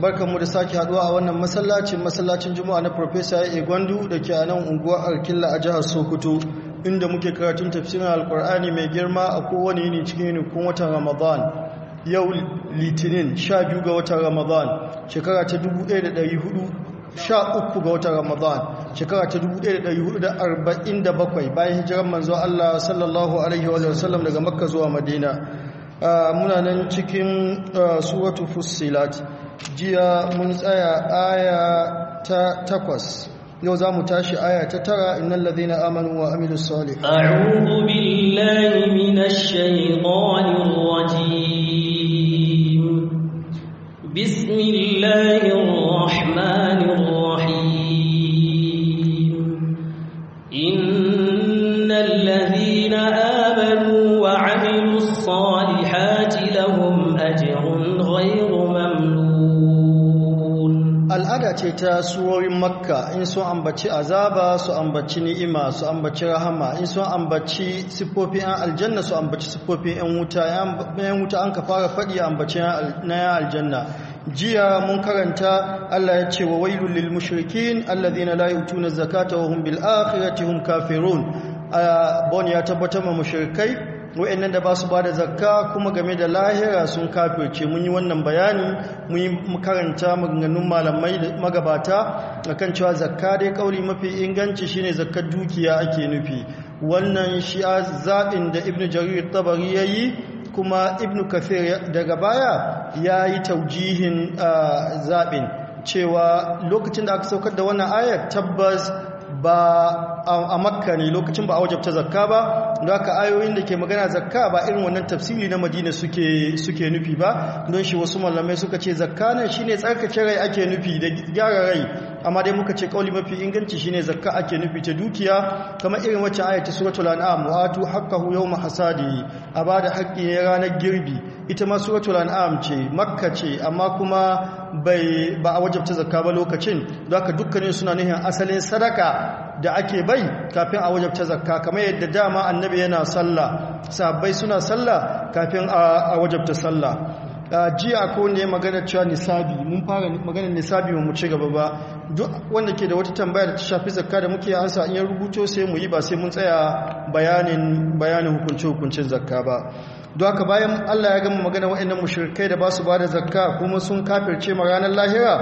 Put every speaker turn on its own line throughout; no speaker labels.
barkanmu da sake haduwa a wannan masallacin masallacin juma'a na professor ya gwandu da ke a nan unguwar alkilla a jihar sokoto inda muke karatun tafsirin alkur'ani mai girma a kowane yini cikin yinikun watan ramadan yau litinin 12 ga watan ramadan shekara ta uku ga watan ramadan shekara ta 1447 bayan hijirar manzo allah sallallahu alaihi wa sallam daga makka zuwa madina ah, muna nan cikin ah, suratu fusilat jiya mun tsaya aya ta takwas yau za mu tashi aya ta tara innal ladhina amanu wa amilus a rubu
billahi minash shaitanir waje bismillahi rahmanin rahim
ce ta surorin makka in sun ambaci azaba su ambaci ni'ima su ambaci rahama in sun ambaci siffofin yan aljanna su ambaci siffofin yan wuta yan wuta an ka fara faɗi ambaci na yan aljanna jiya mun karanta Allah ya ce wa wailul lil mushrikin alladhina la yutuna zakata wa hum bil akhirati hum kafirun bon ya tabbatar ma mushrikai wa'annan da ba su ba da zakka kuma game da lahira sun kafirce mun yi wannan bayani mun yi karanta maganganun malamai magabata a kan cewa zakka dai kauli mafi inganci shine zakkar dukiya ake nufi wannan shi a zaɓin da Ibn jarir tabari ya yi kuma Ibn kafir daga baya ya yi taujihin zaɓin cewa lokacin da aka saukar da wannan ayar tabbas ba a makka ne lokacin ba a wajabta zakka ba don haka ayoyin da ke magana zakka ba irin wannan tafsiri na madina suke nufi ba don shi wasu mallamai suka ce zakka nan shine tsarkace rai ake nufi da gyara rai amma dai muka ce kauli mafi inganci shine zakka ake nufi ta dukiya kamar irin wacce ayatu suratul an'am wa atu haqqahu yawma hasadi a bada haƙƙi ne ranar girbi ita ma suratul an'am ce makka ce amma kuma bai ba a wajabta zakka ba lokacin don haka dukkanin suna nuhin asalin sadaka da ake bai kafin a wajabta zakka kamar yadda dama annabi yana sallah sahabbai suna sallah kafin a wajabta sallah jiya ko ne magana cewa nisabi mun fara magana nisabi mu ci gaba ba duk wanda ke da wata tambaya da ta shafi zakka da muke ansa in ya rubuto sai mu yi ba sai mun tsaya bayanin bayanin hukunce hukuncin zakka ba don haka bayan Allah ya gama magana waɗannan mushrikai da ba su ba da zakka kuma sun kafirce ma ranar lahira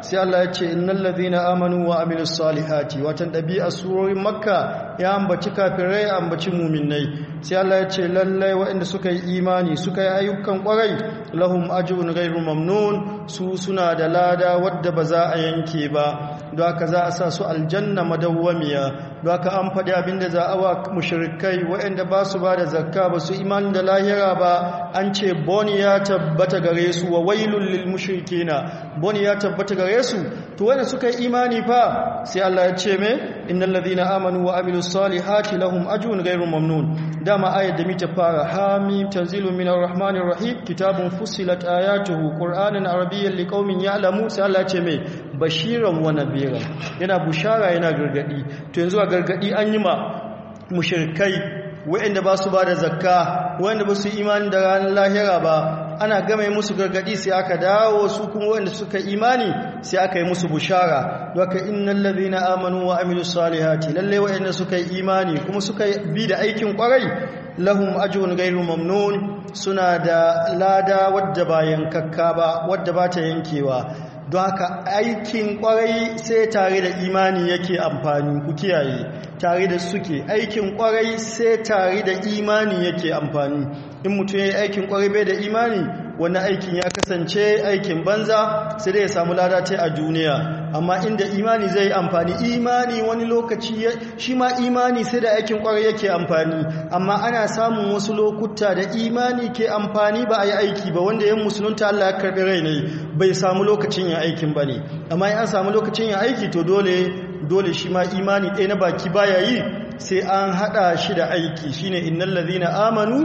sai Allah ya ce innal ladhina amanu wa amilus salihati watan dabi'a surorin makka ya ambaci kafirai ambaci muminai sai Allah ya ce lallai waɗanda suka yi imani suka yi ayyukan kwarai lahum ajrun ghairu mamnun su suna da lada wadda ba za a yanke ba don haka za a sa su aljanna madawwamiya don haka an faɗi abinda za a wa mushrikai waɗanda ba su ba da zakka ba su imani da lahira lahira ba an ce boni ya tabbata gare su wa wailun lil mushrikina boni ya tabbata gare su to wanda suka yi imani fa sai Allah ya ce me innal ladina amanu wa amilus salihati lahum ajrun ghairu mamnun dama ayat da muke fara hamim tanzilun minar rahmanir rahim kitabun fussilat ayatuhu qur'anan arabiyyan liqaumin ya'lamu sai Allah ya ce me bashiran wa nabiran yana bushara yana gargadi to yanzu a gargadi an yi ma mushrikai Wa'inda ba su ba da zakka da ba su imani da ranar lahira ba ana game musu gargadi sai aka dawo su kuma da suka imani sai aka yi musu bushara doka innal ladhina amanu wa amilus salihati lalle wa'inda suka yi imani kuma suka bi da aikin kwarai lahum ajrun ghairu mamnun suna da lada wadda bayan kakka ba wadda ba ta yankewa don haka aikin kwarai sai tare da imani yake amfani ku kiyaye tare da suke aikin kwarai sai tare da imani yake amfani in mutum ya yi aikin kwarai bai da imani wani aikin ya kasance aikin banza sai dai ya samu lada ta a duniya amma inda imani zai amfani imani wani lokaci shi ma imani sai da aikin kwarai yake amfani amma ana samun wasu lokuta da imani ke amfani ba a yi aiki ba wanda yan musulunta Allah ya karɓi rai ne bai samu lokacin yin aikin ba ne amma in an samu lokacin yin aiki to dole dole shi ma imani ɗaya na baki baya yi sai an hada shi da aiki shine innal ladhina amanu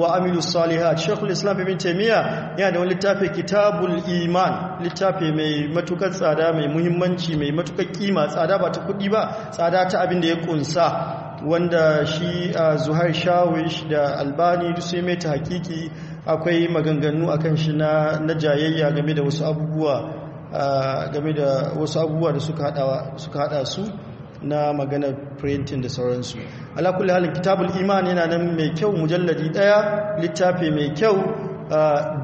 wa amilus salihat shaykhul islam ibn taymiya yana da wani littafi kitabul iman littafi mai matukar tsada mai muhimmanci mai matukar kima tsada ba ta kudi ba tsada ta abin da ya kunsa wanda shi zuhair shawish da albani duk sai mai hakiki akwai maganganu akan shi na jayayya game da wasu abubuwa game da wasu abubuwa da suka hada su na magana printing da sauransu alakulli halin kitabul iman yana nan mai kyau mujalladi daya littafi mai kyau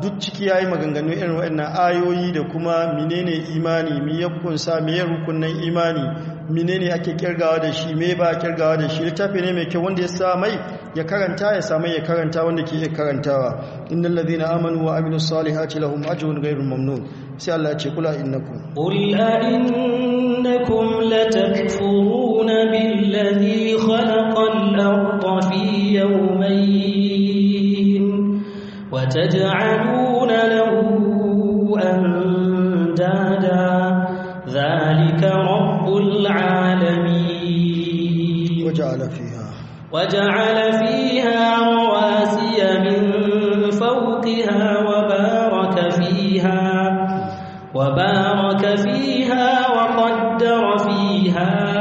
duk ciki yayi maganganu irin waɗannan ayoyi da kuma menene imani me ya kunsa me rukunin imani menene ake kirgawa da shi me ba kirgawa da shi littafi ne mai kyau wanda ya sa mai ya karanta ya samai ya karanta wanda ke iya karantawa innal ladhina amanu wa amilus salihati lahum ajrun gairin mamnun sai Allah ce kula innakum
qul a innakum latakfuruna billadhi khalaqal arda fi yawmayn wa taj'aluna lahu andada dhalika rabbul alamin
waja'ala fiha
waja'ala fiha rawasiya min fawqiha wa baraka fiha وبارك فيها وقدر فيها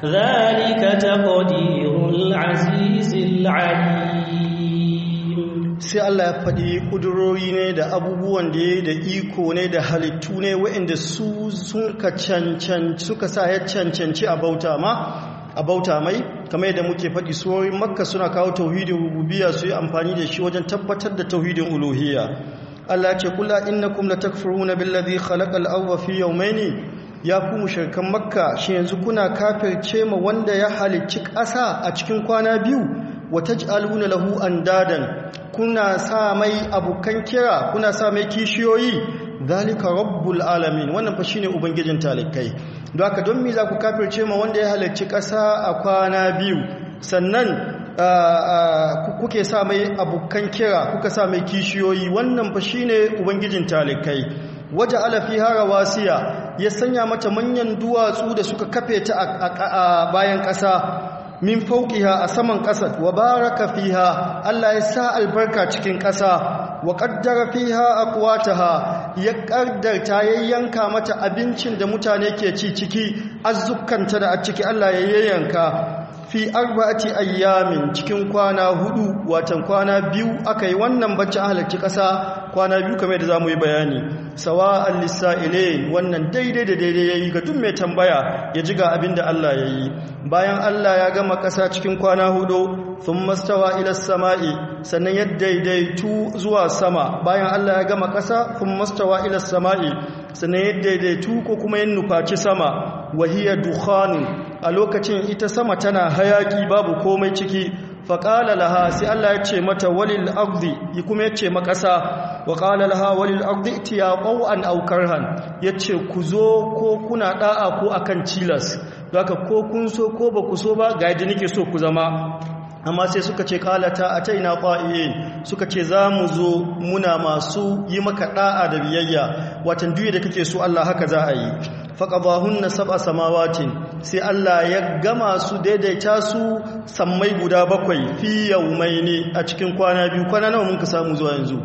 ذلك تقدير العزيز العليم
sai Allah ya faɗi ƙudurori ne da abubuwan da ya da iko ne da halittu ne waɗanda su suka cancanci suka sa ya cancanci a bauta mai kamar yadda muke faɗi surorin makka suna kawo tauhidin rububiya su yi amfani da shi wajen tabbatar da tauhidin uluhiyya Allah ce kula innakum latakfuruna billazi khalaqal awwa fi ne? ya ku mushirkan makka shi yanzu kuna kafirce ma wanda ya halicci ƙasa a cikin kwana biyu wa ji'aluna lahu andadan kuna sa mai abokan kira kuna sa mai kishiyoyi zalika rabbul alamin wannan fa shine ubangijin talikai don haka don me za ku kafirce ma wanda ya halicci ƙasa a kwana biyu sannan kuke sa mai abokan kira kuka sa mai kishiyoyi wannan fa shine ubangijin talikai waje alafiha rawasiya ya sanya mata manyan duwatsu da suka kafe ta a bayan ƙasa min faukiha a saman ƙasa wa baraka fiha Allah ya sa albarka cikin ƙasa wa qaddara fiha aqwataha ya ƙaddarta yanka mata abincin da mutane ke ci ciki azzukanta da a ciki Allah ya yayyanka fi arba'ati ayyamin cikin kwana hudu watan kwana biyu aka yi wannan bacci halarci ƙasa kwana biyu kamar da za mu yi bayani sawa lisaile wannan daidai da daidai yayi ga duk mai tambaya ya ji ga abin da Allah ya yi bayan Allah ya gama ƙasa cikin kwana hudu thumma stawa ila samai sannan ya daidaitu zuwa sama bayan Allah ya gama ƙasa thumma stawa ila samai sannan ya daidaitu ko kuma ya nufaci sama wahiya dukhanin a lokacin ita sama tana hayaki babu komai ciki faƙala laha sai Allah ya ce mata walil yi kuma ya ce makasa wa ƙala laha walil agdi tiya aukar han. ya ce ku zo ko kuna ɗa'a ko akan cilas zaka ko kun so ko ba ku so ba ga yadda nake so ku zama amma sai suka ce kalata a ta ina ƙwa'iye suka ce za mu zo muna masu yi maka ɗa'a da biyayya watan duyi da kake su Allah haka za a yi na sab'a samawacin sai Allah ya gama su daidaita su sammai guda bakwai fi mai ne a cikin kwana biyu kwana nawa mun ka samu zuwa yanzu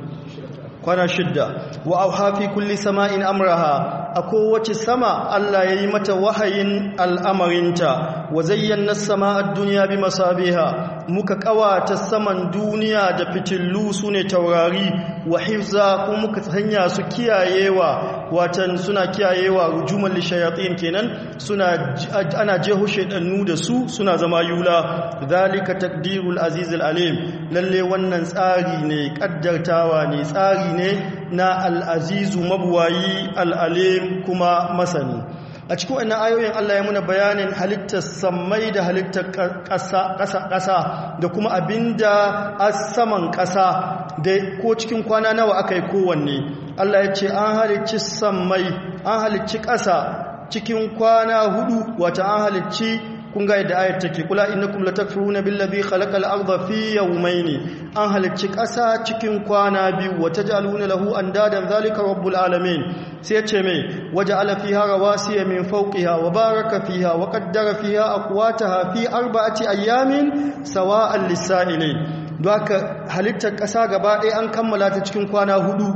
kwana shidda wa auha fi kulli sama'in amraha a kowace sama Allah ya yi mata wahayin al'amarinta wa na sama a duniya bi masabiha muka ƙawata saman duniya da fitillu su ne taurari wa hifza ko muka hanya su kiyayewa watan suna kiyayewa rujuman lishayatin kenan suna ana jeho shedannu da su suna zama yula zalika takdirul azizul alim lalle wannan tsari ne kaddartawa ne tsari ne na al-azizu mabwayi al-alim kuma masani a cikin wannan ayoyin Allah ya muna bayanin halitta samai da halittar ƙasa da kuma abinda a saman ƙasa da ko cikin kwana nawa aka yi kowanne Allah ya ce an halicci sammai an halicci ƙasa cikin kwana hudu wata an halicci kun ga yadda ayat take kula innakum latakfuruna billazi khalaqal arda fi yawmayn an halicci ƙasa cikin kwana biyu wa taj'aluna lahu andadan zalika rabbul alamin sai ce mai waja'ala fiha rawasiya min fawqiha wa baraka fiha wa qaddara fiha aqwataha fi arba'ati ayamin sawa'an lis-sa'ilin don haka halittar ƙasa gaba ɗaya an kammala ta cikin kwana hudu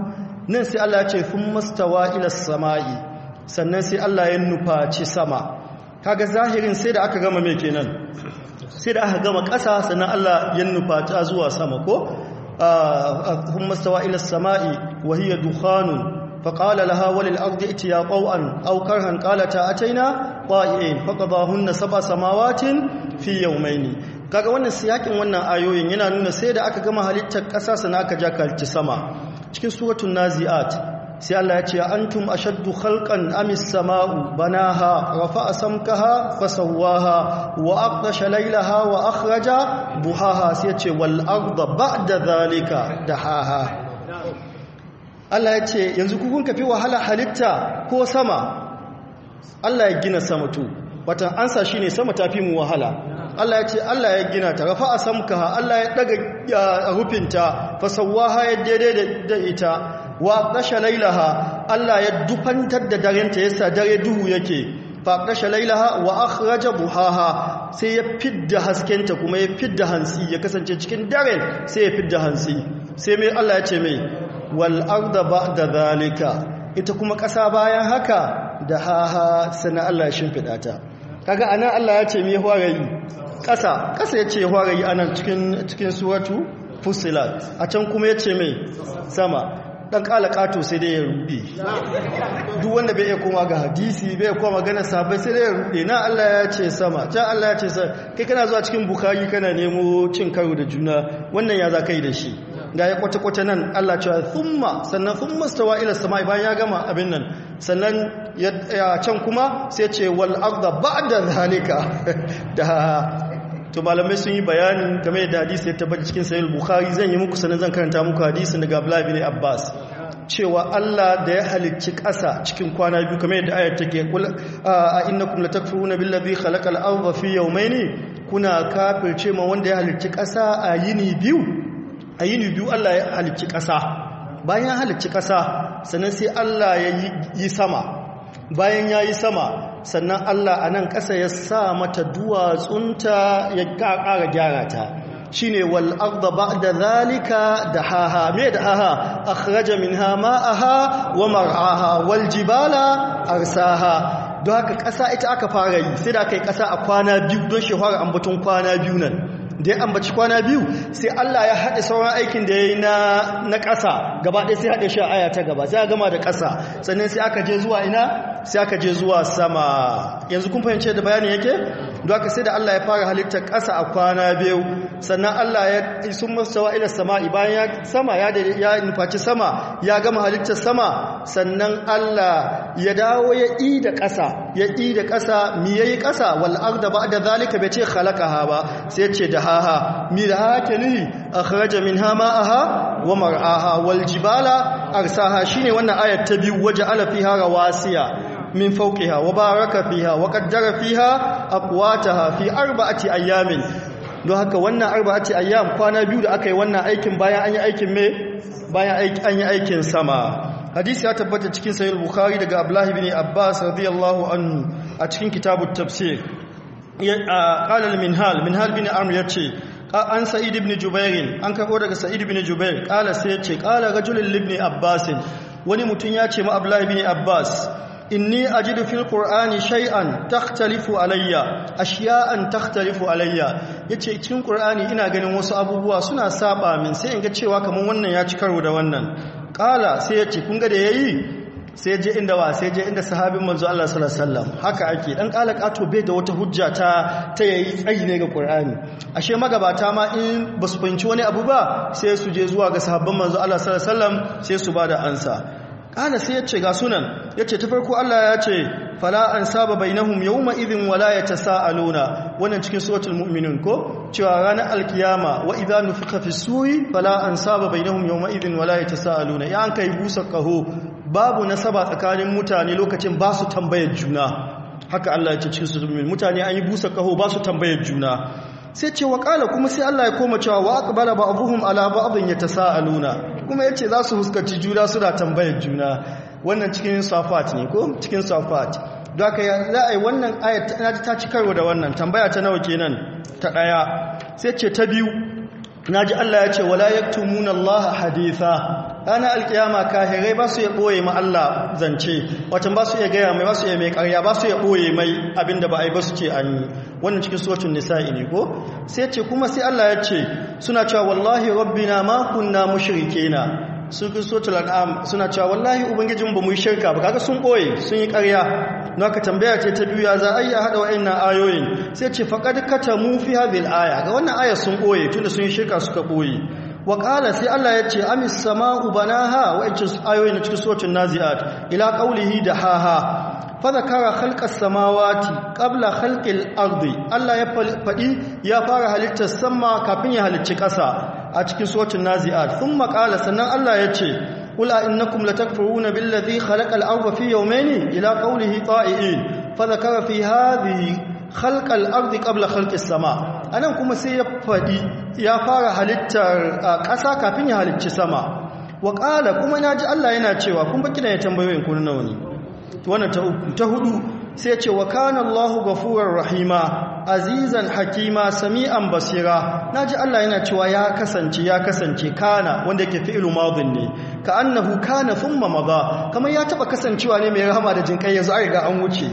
nan sai Allah ya ce sun mastawa ila sama'i sannan sai Allah ya nufaci sama kaga zahirin sai da aka gama mai kenan sai da aka gama ƙasa sannan Allah ya nufa ta zuwa sama ko sama'i, ثم استوى إلى ya وهي aukar hankala ta وللأرض ائتيا طوعا أو كرها قالتا أتينا طائعين فقضاهن سبع سماوات في يومين kaga wannan siyakin wannan ayoyin yana nuna sai da aka gama halittar ƙasa sana aka ja kalci sama cikin suratul naziat sai Allah ya ce antum ashaddu khalqan amis sama'u banaha rafa'a samkaha fasawaha. wa aqdasha laylaha wa akhraja buhaha sai ya ce wal arda ba'da zalika dahaha Allah ya ce yanzu ku kun kafi wahala halitta ko sama Allah ya gina sama to watan ansa shine sama ta fi mu wahala Allah ya ce Allah ya gina ta rafa a samkaha Allah ya daga rufinta fasawaha ya daidai da ita wa lailaha Allah ya dufantar da darenta yasa dare duhu yake fa lailaha wa akhraja buhaha sai ya fidda haskenta kuma ya fidda hansi ya kasance cikin daren sai ya fidda hansi sai mai Allah ya ce mai wal arda ba'da zalika ita kuma ƙasa bayan haka da haha sana Allah ya shimfida ta kaga anan Allah ya ce mai horayi ƙasa ƙasa ya ce horayi anan cikin cikin suratu fusilat a can kuma ya ce mai sama dan kato sai dai ya ruɗe duk wanda bai iya koma ga hadisi bai koma magana sabai sai dai ya rude na Allah ya ce sama ta Allah ya ce sai kai kana zuwa cikin bukari kana nemo cin karo da juna wannan ya za kai da shi ga ya kwata-kwata nan Allah ce thumma sannan thumma stawa ila samai bayan ya gama abin nan sannan ya can kuma sai ce wal ba ba'da zalika da to malamai sun yi bayani game da hadisi ya tabbata cikin sahih bukhari zan yi muku sanin zan karanta muku hadisin daga abdullahi bin abbas cewa Allah da ya halicci ƙasa cikin kwana biyu kamar yadda ayat take kul a innakum latakfuruna billazi khalaqal arda fi yawmayn kuna kafirce ma wanda ya halicci ƙasa a yini biyu a yini biyu Allah ya halicci ƙasa bayan ya halicci ƙasa sannan sai Allah ya yi sama bayan ya yi sama sannan Allah a nan ƙasa ya sa mata duwatsunta ya ƙara gyara ta shi ne da ba da zalika da haha me da haha akhraja min hama aha wa mar'aha wal jibala arsaha don haka ƙasa ita aka fara yi sai da aka yi ƙasa a kwana biyu don shehwar ambatun kwana biyu nan da ya ambaci kwana biyu sai Allah ya haɗe sauran aikin da ya yi na ƙasa gaba ɗaya sai haɗe shi a aya ta gaba sai ya gama da ƙasa sannan sai aka je zuwa ina sai aka je zuwa sama yanzu kun fahimci da bayanin yake don haka sai da Allah ya fara halittar ƙasa a kwana biyu sannan Allah ya sun masawa ila sama, bayan ya sama ya nufaci sama ya gama halittar sama sannan Allah ya dawo ya yi da ƙasa ya yi da ƙasa mi yayi ƙasa wal arda ba'da zalika bai ce khalaqaha ba sai ce da ماءها مرآة له أخرج منها ماءها ومرآها والجبال أرساها شيني وانا آية تبيو وجعل فيها رواسيا من فوقها وبارك فيها وقدر فيها أقواتها في أربعة أيام don haka wannan arba'ati ayyam kwana biyu da aka yi wannan aikin bayan an yi aikin me bayan an yi aikin sama hadisi ya tabbata cikin sahih bukhari daga abdullahi bin abbas radiyallahu anhu a cikin kitabut tafsir ƙalar minhal minhal bin amr ce an sa'id ibn jubairin an karɓo daga sa'id ibn jubair ƙala sai ce ƙala rajulun libni abbasin wani mutum ya ce ma abdullahi bin abbas inni ajidu fil qur'ani shay'an takhtalifu alayya ashiya'an takhtalifu alayya yace cikin qur'ani ina ganin wasu abubuwa suna saɓa min sai in ga cewa kaman wannan ya ci karo da wannan qala sai yace kun ga da yayi sai je inda wa sai je inda sahabin manzo Allah sallallahu alaihi wasallam haka ake dan kala kato bai da wata hujja ta ta yayi tsayi ne ga Qur'ani ashe magabata ma in basu fahimci wani abu ba sai su je zuwa ga sahabban manzo Allah sallallahu alaihi wasallam sai su bada ansa kana sai yace ga sunan yace ta farko Allah ya ce fala an saba bainahum yawma idhin wala yatasaaluna wannan cikin suratul mu'minun ko cewa ranar alkiyama wa idza nufiqa fis suyi fala an saba bainahum yawma idhin wala yatasaaluna ya an kai busa kaho babu nasaba tsakanin mutane lokacin ba su tambayar juna haka Allah ya ce cikin suratul mutane an yi busa kaho ba su tambayar juna sai ce wakala kuma sai Allah ya koma cewa wa aqbala ba'dhum ala ba'dhin yatasaaluna kuma yace za su huskaci juna suna tambayar juna wannan cikin safat ne ko cikin safat don ya za a wannan ayat na ta ci karo da wannan tambaya ta nawa kenan ta ɗaya. sai ce ta biyu naji Allah ya ce wala yaktumuna Allah haditha ranar alkiyama kahirai ba su ya ɓoye ma Allah zance watan ba su ya gaya mai ba su ya mai karya ba su ya ɓoye mai abinda ba a yi ba su ce an yi wannan cikin socin nisa'i ne ko sai ce kuma sai Allah ya ce suna cewa wallahi rabbina ma kunna na sukin kristotul al'am suna cewa wallahi ubangijin ba mu yi shirka ba kaga sun ɓoye sun yi karya na ka tambaya ce ta biyu ya za a yi a haɗa wa'annan ayoyin sai ce faƙad katamu fi aya ga wannan aya sun ɓoye tunda sun yi shirka suka ɓoye wa sai Allah ya ce amis sama'u banaha wa'ancin ayoyi na cikin suratul naziat ila qaulihi da haha fadakara halkar samawati ƙabla halƙil ardi Allah ya faɗi ya fara halittar sama kafin ya halicci ƙasa a cikin socin nazi'at sun maƙala sannan Allah ya ce ƙula innakum latakfuruna billazi khalaqal arda fi yawmayni ila qawlihi ta'iin fadakara fi hadhihi khalqal ardi qabla khalqis sama anan kuma sai ya fadi ya fara halittar ƙasa kafin ya halicci sama wa qala kuma naji Allah yana cewa kun baki da tambayoyin ku nawa ne wannan ta uku ta hudu sai ya ce wa kana Allahu ghafurur rahima azizan hakima sami'an basira naji Allah yana cewa ya kasance ya kasance kana wanda yake fi'lu madin ne ka annahu kana thumma madha kamar ya taba kasancewa ne mai rahama da jinkai yanzu an riga an wuce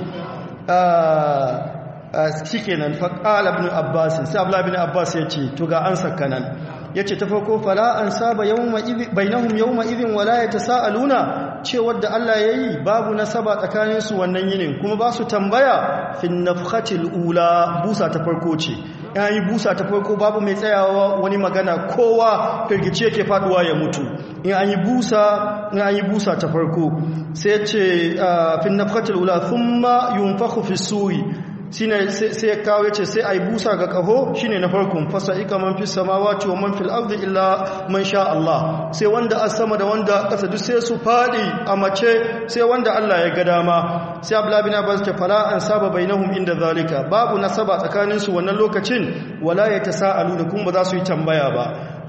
ah, Ah, shi nan faƙala abin abbasin sai abla abbas ya ce to ga an sakkanan ya ce ta farko fara an saba bainahum yawma idhin wala yatasaaluna ce wadda Allah ya yi babu nasaba tsakanin su wannan yinin kuma ba su tambaya fin ula busa ta farko ce yi busa ta farko babu mai tsayawa wani magana kowa firgice yake faduwa ya mutu in yi busa in yi busa ta farko sai ce ah, fin nafhatil ula thumma yunfakhu fi suri shine sai ya kawo yace sai ai busa ga kaho shine na farkon fasa ika man fis samawati wa man fil ardi illa man sha Allah sai wanda a sama da wanda kasa duk sai su fadi a mace sai wanda Allah ya ga dama sai Abdullah bin Abbas ke fala an saba bainahum inda zalika babu nasaba tsakanin su wannan lokacin wala yatasaalu da kuma ba za su yi tambaya ba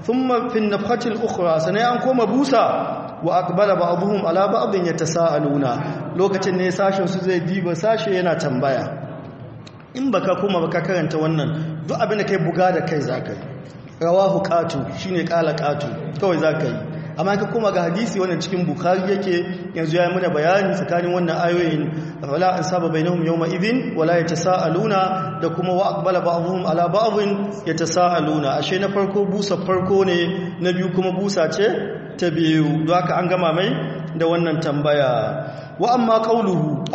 thumma fin nafhatil ukhra sanai an koma busa wa aqbala ba'dhum ala ba'dhin yatasaaluna lokacin ne sashin su zai diba sashe yana tambaya in baka ba ka karanta wannan duk abin da kai buga da kai za ka yi rawahu shi ne ƙala katu kawai za ka yi amma ka koma ga hadisi wannan cikin bukari yake yanzu ya yi mana bayani tsakanin wannan ayoyin wala an saba bainahum yawma maibin wala ya luna da kuma wa ba ba'dhum ala a luna ashe na farko busa farko ne na biyu kuma busa ce ta biyu don an gama mai da wannan tambaya wa amma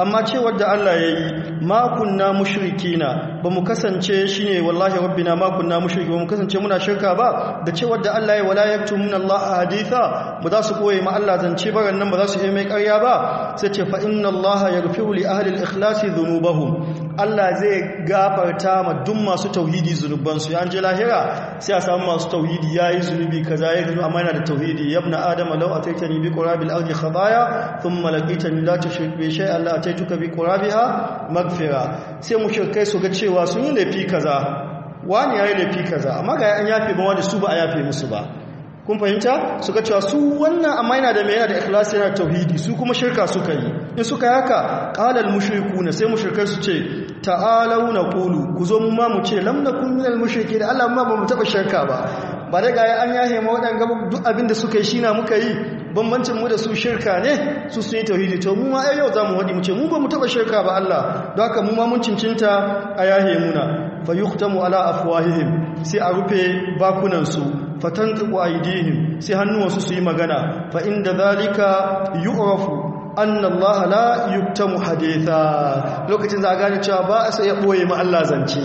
amma cewar da Allah yayi yi makunna mushrikina bamu kasance shine wallahi rabbina ma kunna mushriki bamu kasance muna shirka ba da cewar da Allah ya wala yaktumuna Allah haditha ba za su koye ma Allah zance baran nan ba za su yi mai karya ba sai ce fa inna Allah yaghfiru li ahli al-ikhlas dhunubahum Allah zai gafarta ma duk masu tauhidi zunubansu ya je lahira sai a samu masu tauhidi yayi zunubi kaza yayi zunubi amma yana da tauhidi yabna adam law ataitani bi qurabil ardi khabaya thumma laqitani la tushrik bi shay Allah ataituka bi qurabiha magfira sai mu mushrikai su ga cewa sun yi laifi kaza wani yayi laifi kaza amma ga an yafe ba wani su ba a yafe musu ba kun fahimta suka cewa su wannan amma yana da mai yana da ikhlasi yana tauhidi su kuma shirka suka yi in suka yi haka mushriku na sai mushrikai su ce ta'alau kulu. ku zo mu ma mu ce lam nakun mushriki da Allah ma ba mu taba shirka ba ba dai ga an yahe ma gaba duk abin da suka yi shi na muka yi bambancin mu da su shirka ne su sun yi tauhidi to mu ma ai yau zamu wadi mu ce mu ba mu taba shirka ba Allah don haka mu ma mun cincinta a yahe muna fa ala afwahihim sai a rufe bakunansu fatan a aidihim sai hannuwansu su yi magana fa inda zalika yu'rafu annan Allah la yuktamu haditha lokacin za a gane cewa ba a sai ya ɓoye ma Allah zance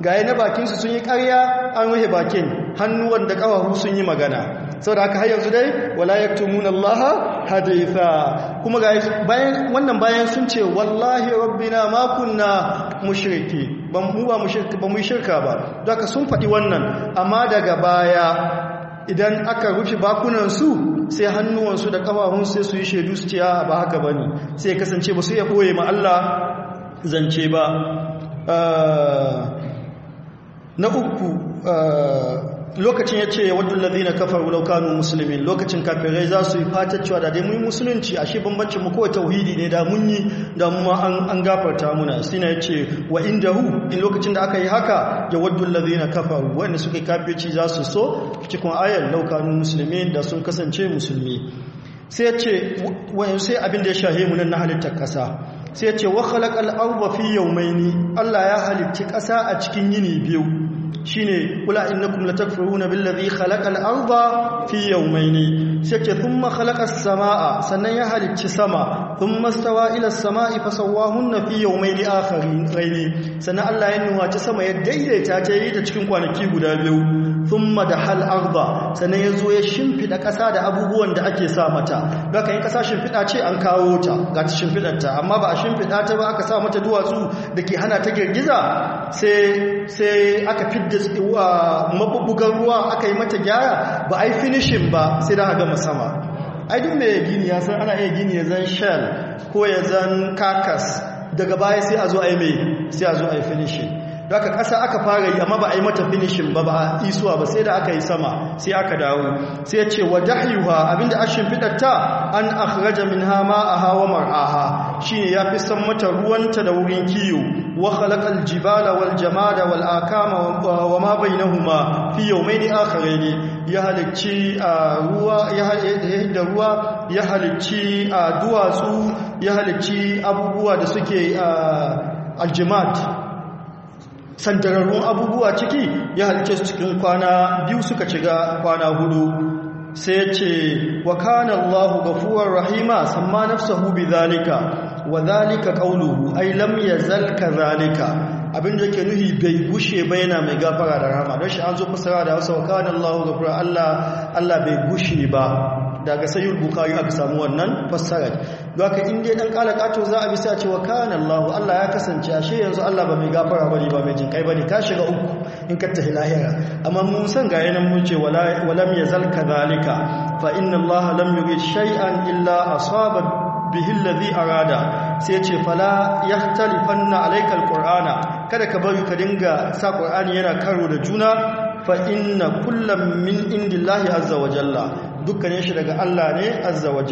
ga na bakinsu sun yi ƙarya an rufe bakin hannuwan da ƙafafu sun yi magana saboda haka har yanzu dai wala yaktumuna allaha haditha kuma ga wannan bayan sun ce wallahi rabbina ma kunna mushriki ban mu ba mushriki yi shirka ba don sun faɗi wannan amma daga baya idan aka rufe su, sai hannuwansu da kafafun sai su yi shaidu su ce ba haka ba ne sai kasance ba su ya koye ma Allah zance ba ah, na uku ah, lokacin ya ce wadun lalzina kafar laukanu musulmi lokacin kafirai za su yi fatar cewa da dai mun musulunci ashe bambancin mu kawai tauhidi ne da mun yi da ma an gafarta muna sina ya ce wa inda hu in lokacin da aka yi haka ya wadun lalzina kafar wanda suka yi kafirci za su so cikin ayar laukanu musulmi da sun kasance musulmi sai ya ce sai abin da ya shahe mu nan na halittar kasa sai ya ce wa khalaqal arda fi yawmayni Allah ya halitti kasa a cikin yini biyu shine kula innakum latakfuruna billazi khalaqal arda fi yawmayni sai thumma khalaqa as-samaa sannan ya halicci sama thumma stawa ila as-samaa'i na fi yawmayn raini sannan Allah ya nuwaci sama ya daidaita ta yi ta cikin kwanaki guda biyu da hal arda sannan zo ya shimfiɗa ƙasa da abubuwan da ake sa mata baka yi ƙasa shimfida ce an kawo ta ga ta shimfiɗar ta amma ba a shimfiɗa ta ba aka sa mata duwatsu da ke hana ta girgiza sai sai aka fidda uh, mabubugan ruwa aka yi mata gyara ba a yi finishin ba sai da ga mu sama ai duk mai gini ya san ana iya gini ya zan shell ko ya zan kakas daga baya sai a zo ai mai sai a zo ai finishing ƙasa aka fara yi amma ba a yi mata finishing ba ba isuwa ba sai da aka yi sama sai aka dawo sai ya ce wa dahiwa abinda ashin fidatta an akhraja minha a wa mar'aha shine ya fi san mata ruwanta da wurin kiyo wa khalaqal jibala wal jamada wal akama wa ma bainahuma fi yawmayn akharayn ya halicci ruwa ya ruwa ya halicci duwatsu ya halicci abubuwa da suke aljimat sandararrun abubuwa ciki ya halicci su cikin kwana biyu suka shiga kwana hudu sai yace ce wa kana allah gafuwar rahima samma nafsahu bi zalika wa zalika qawluhu ai lam yazal kadhalika abin da yake nuhi bai gushe ba yana mai gafara da rahama don shi an zo fasara da wasu wa Allah ghafura Allah Allah bai gushe ba daga sayyid bukhari aka samu wannan fassarar don haka in dai dan kala kato za a bi sai a ce wa kana Allah Allah ya kasance ashe yanzu Allah ba mai gafara bane ba mai jinkai bane ka shiga uku in ka tafi lahira amma mun san ga yanan mun ce wala walam yazal kadhalika fa inna Allah lam yurid shay'an illa asaba bihin lazi arada sai ce fala ya talifanna alaikar ƙor'ana kada ka bari ka dinga sa ƙor'ani yana karo da juna fa inna kullum min indillahi azza wa dukkanin shi daga Allah ne azza wa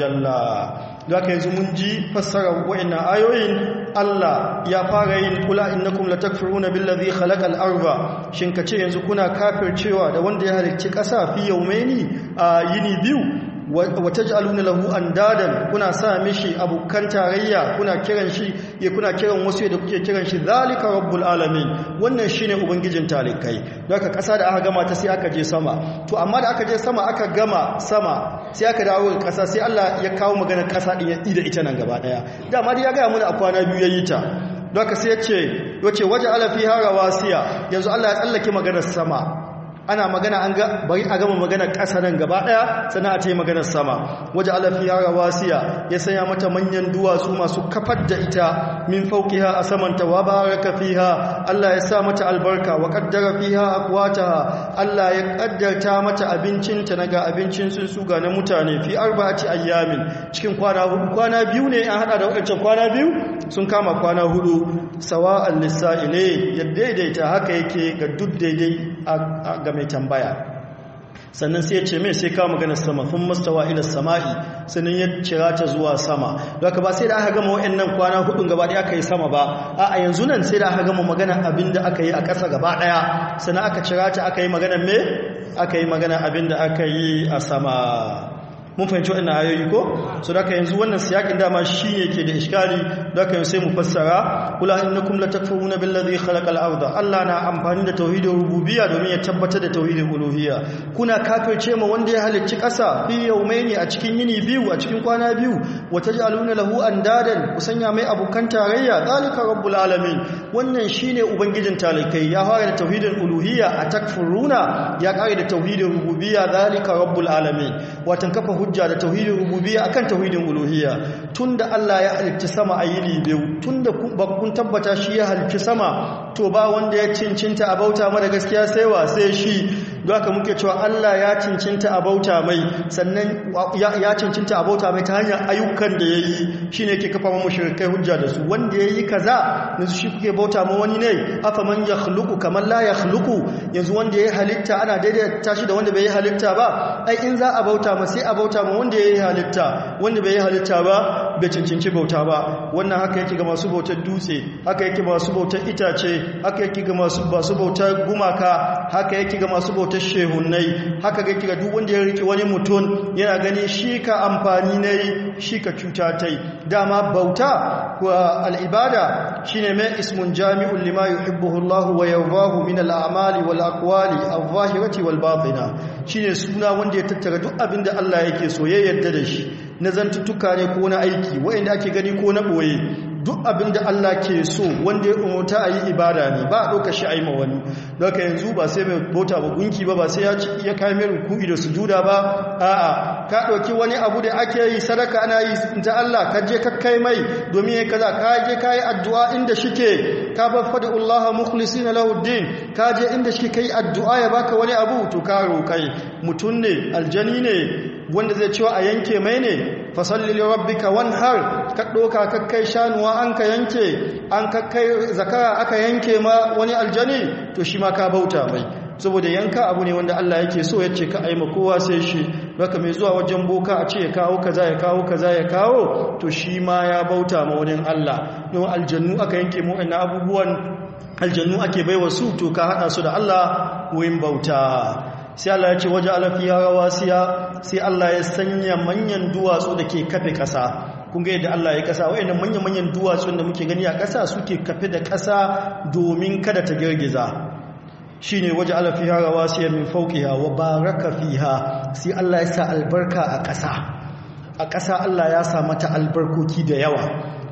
da ka yanzu mun ji fassara wa'annan ayoyin Allah ya fara yin kula innakum latakfuruna billazi khalaqal arda shin ce yanzu kuna kafircewa da wanda ya halicci ƙasa fi ni a yini biyu wata lahu an dadan kuna sa mishi abokan tarayya kuna kiran shi ya kuna kiran wasu da kuke kiran shi zalika rabbul alamin wannan shine ubangijin talikai daga ƙasa da aka gama ta sai aka je sama to amma da aka je sama aka gama sama sai aka dawo ƙasa sai Allah ya kawo magana kasa din ya ida ita nan gaba daya dama dai ya gaya muna akwana kwana biyu yayi ta daga sai ya ce wace waje alafi ha rawasiya yanzu Allah ya tsallake maganar sama ana magana an ga bari a gama magana ƙasa nan gaba ɗaya sana a ta yi maganar sama waje rawa siya ya sanya mata manyan duwatsu masu kafar da ita min ha a samanta wa baraka fiha Allah ya sa mata albarka wa a fiha ta. Allah ya kaddarta mata abincinta na ga abincin sun ga na mutane fi arba'ati ayyamin cikin kwana hudu kwana biyu ne an hada da wadancan kwana biyu sun kama kwana hudu sawa'an lisa'ile ya daidaita haka yake ga duk daidai ga mai tambaya sannan sai ya ce mai sai kawo maganar sama sun mustawa ila sama'i sannan ya cira ta zuwa sama don ka ba sai da aka gama wa'annan kwana hudun gaba ɗaya aka yi sama ba a yanzu nan sai da aka gama magana abin da aka yi a ƙasa gaba ɗaya sannan aka cira ta aka yi maganar me aka yi maganar abin da aka yi a sama mun fahimci wannan ayoyi ko so da yanzu wannan siyakin dama shi ne ke da iskari da ka sai mu fassara kula innakum latakfuruna billazi khalaqal arda Allah na amfani da tauhidin rububiyya domin ya tabbatar da tauhidin uluhiyya kuna kafirce ma wanda ya halicci ƙasa fi yawmaini a cikin yini biyu a cikin kwana biyu wa taj'aluna lahu andadan kusanya mai abokan tarayya zalika rabbul alamin wannan shine ubangijin talikai ya fara da tauhidin uluhiyya a ya kare da tauhidin rububiyya zalika rabbul alamin watan kafa hujja da tauhidin rububiyya akan tauhidin uluhiyya tunda Allah ya halicci sama a yini biyu tunda kun tabbata shi ya halicci sama to ba wanda ya cincinta a bauta mara gaskiya sai wa sai shi don muke cewa Allah ya cincinta a bauta mai sannan ya cincinta a bauta mai ta hanyar ayyukan da ya yi shi ne ke kafa mamushin kai hujja da su wanda ya yi kaza yanzu shi kuke bauta ma wani ne afa man ya khluku kamar la ya haluku yanzu wanda ya yi halitta ana daidai tashi da wanda bai yi halitta ba ai in za a bauta ma sai a bauta ma wanda ya yi halitta wanda bai yi halitta ba bai cincinci bauta ba wannan haka yake ga masu bautar dutse haka yake masu bautar itace haka yake ga masu bautar gumaka haka yake ga masu bautar bautar shehunai haka ga kira duk wanda ya rike wani mutum yana gani shi ka amfani ne shi ka cuta tai dama bauta wa al'ibada shine mai ismun jami'un lima yuhibbuhu Allah wa yardahu min al'amali wal aqwali adh zahirati wal batina shine suna wanda ya tattara duk abin da Allah yake so ya yarda da shi na zantuttuka ne ko na aiki wa'inda ake gani ko na ɓoye duk abin da Allah ke so wanda ya umarta a yi ibada ne ba a ɗauka shi a yi wani daga yanzu ba sai mai bota ba gunki ba ba sai ya ci ya kai mai ruku'i da sujuda ba a'a ka ɗauki wani abu da ake yi sadaka ana yi ta Allah ka je ka kai mai domin ya kaza ka je ka yi addu'a inda shi ke. ka bar faɗi Allah mukhlisin na kaje ka je inda ka yi addu'a ya baka wani abu to ka roƙai mutum ne aljani ne wanda zai cewa a yanke mai ne fasalli li wan har ka doka kakkai shanuwa an ka yanke an kakkai zakara aka yanke ma wani aljani to shi ma ka bauta mai saboda yanka abu ne wanda Allah yake so ya ce ka aima kowa sai shi baka mai zuwa wajen boka a ce ya kawo kaza ya kawo kaza ya kawo to shi ma ya bauta ma wani Allah don aljannu aka yanke mu abubuwan aljannu ake baiwa su to ka hada su da Allah wurin bauta sai Allah ya ce waje alafiya rawasiya sai Allah ya sanya manyan duwatsu da ke kafe ƙasa kun ga yadda Allah ya kasa wayannan manya-manyan duwatsun da muke gani a kasa suke kafe da kasa domin kada ta girgiza shine waje ala fiha rawasiya min fawqiha wa baraka fiha sai Allah ya sa albarka a kasa a ƙasa Allah ya sa mata albarkoki da yawa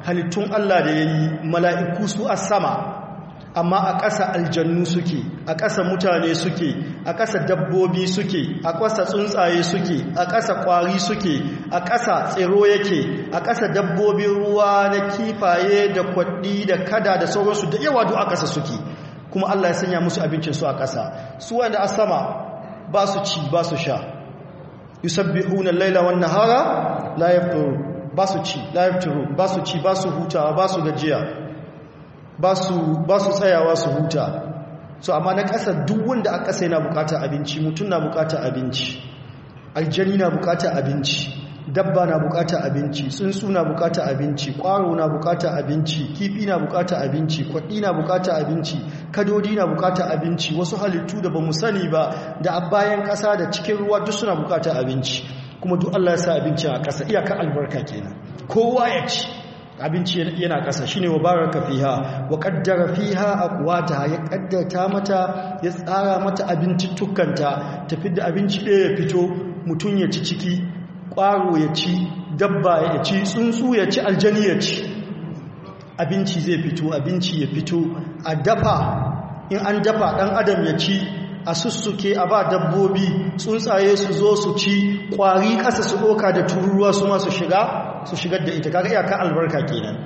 halittun Allah da yayi mala'iku su a sama amma a ƙasa aljannu suke a ƙasa mutane suke a ƙasa dabbobi suke a ƙasa tsuntsaye suke a ƙasa ƙwari suke a ƙasa tsiro yake a ƙasa dabbobin ruwa na kifaye da kwaɗi da kada da sauransu da yawa duk a ƙasa suke kuma Allah ya sanya musu abincinsu a ƙasa su wanda a sama ba su ci ba su sha yusabbihuna huna laila wan-nahara la ba su ci la ba su ci ba su hutawa ba su gajiya ba su tsayawa su huta so amma na ƙasa duk wanda a ƙasa yana buƙatar abinci mutum na buƙatar abinci aljani na buƙatar abinci dabba na buƙatar abinci tsuntsu na buƙatar abinci ƙwaro na buƙatar abinci kifi na buƙatar abinci kwaɗi na buƙatar abinci kadodi na buƙatar abinci wasu halittu da ba mu sani ba da a bayan ƙasa da cikin ruwa duk suna buƙatar abinci kuma duk Allah ya sa abincin a ƙasa iyaka albarka kenan kowa ya ci abinci yana ƙasa shine wa baraka kafiha wa a fiha ta ya ƙaddata mata ya tsara mata abinci tukkanta tafi da abinci ɗaya ya fito mutum ya ci ciki ƙwaro ya ci dabba ya ci tsuntsu ya ci aljani ya ci abinci zai fito abinci ya fito a dafa in an dafa ɗan adam ya ci a sussuke a ba dabbobi tsuntsaye su zo su ci ƙwari ƙasa su ɗoka da tururuwa su masu shiga su shigar da ita kaga iyaka albarka kenan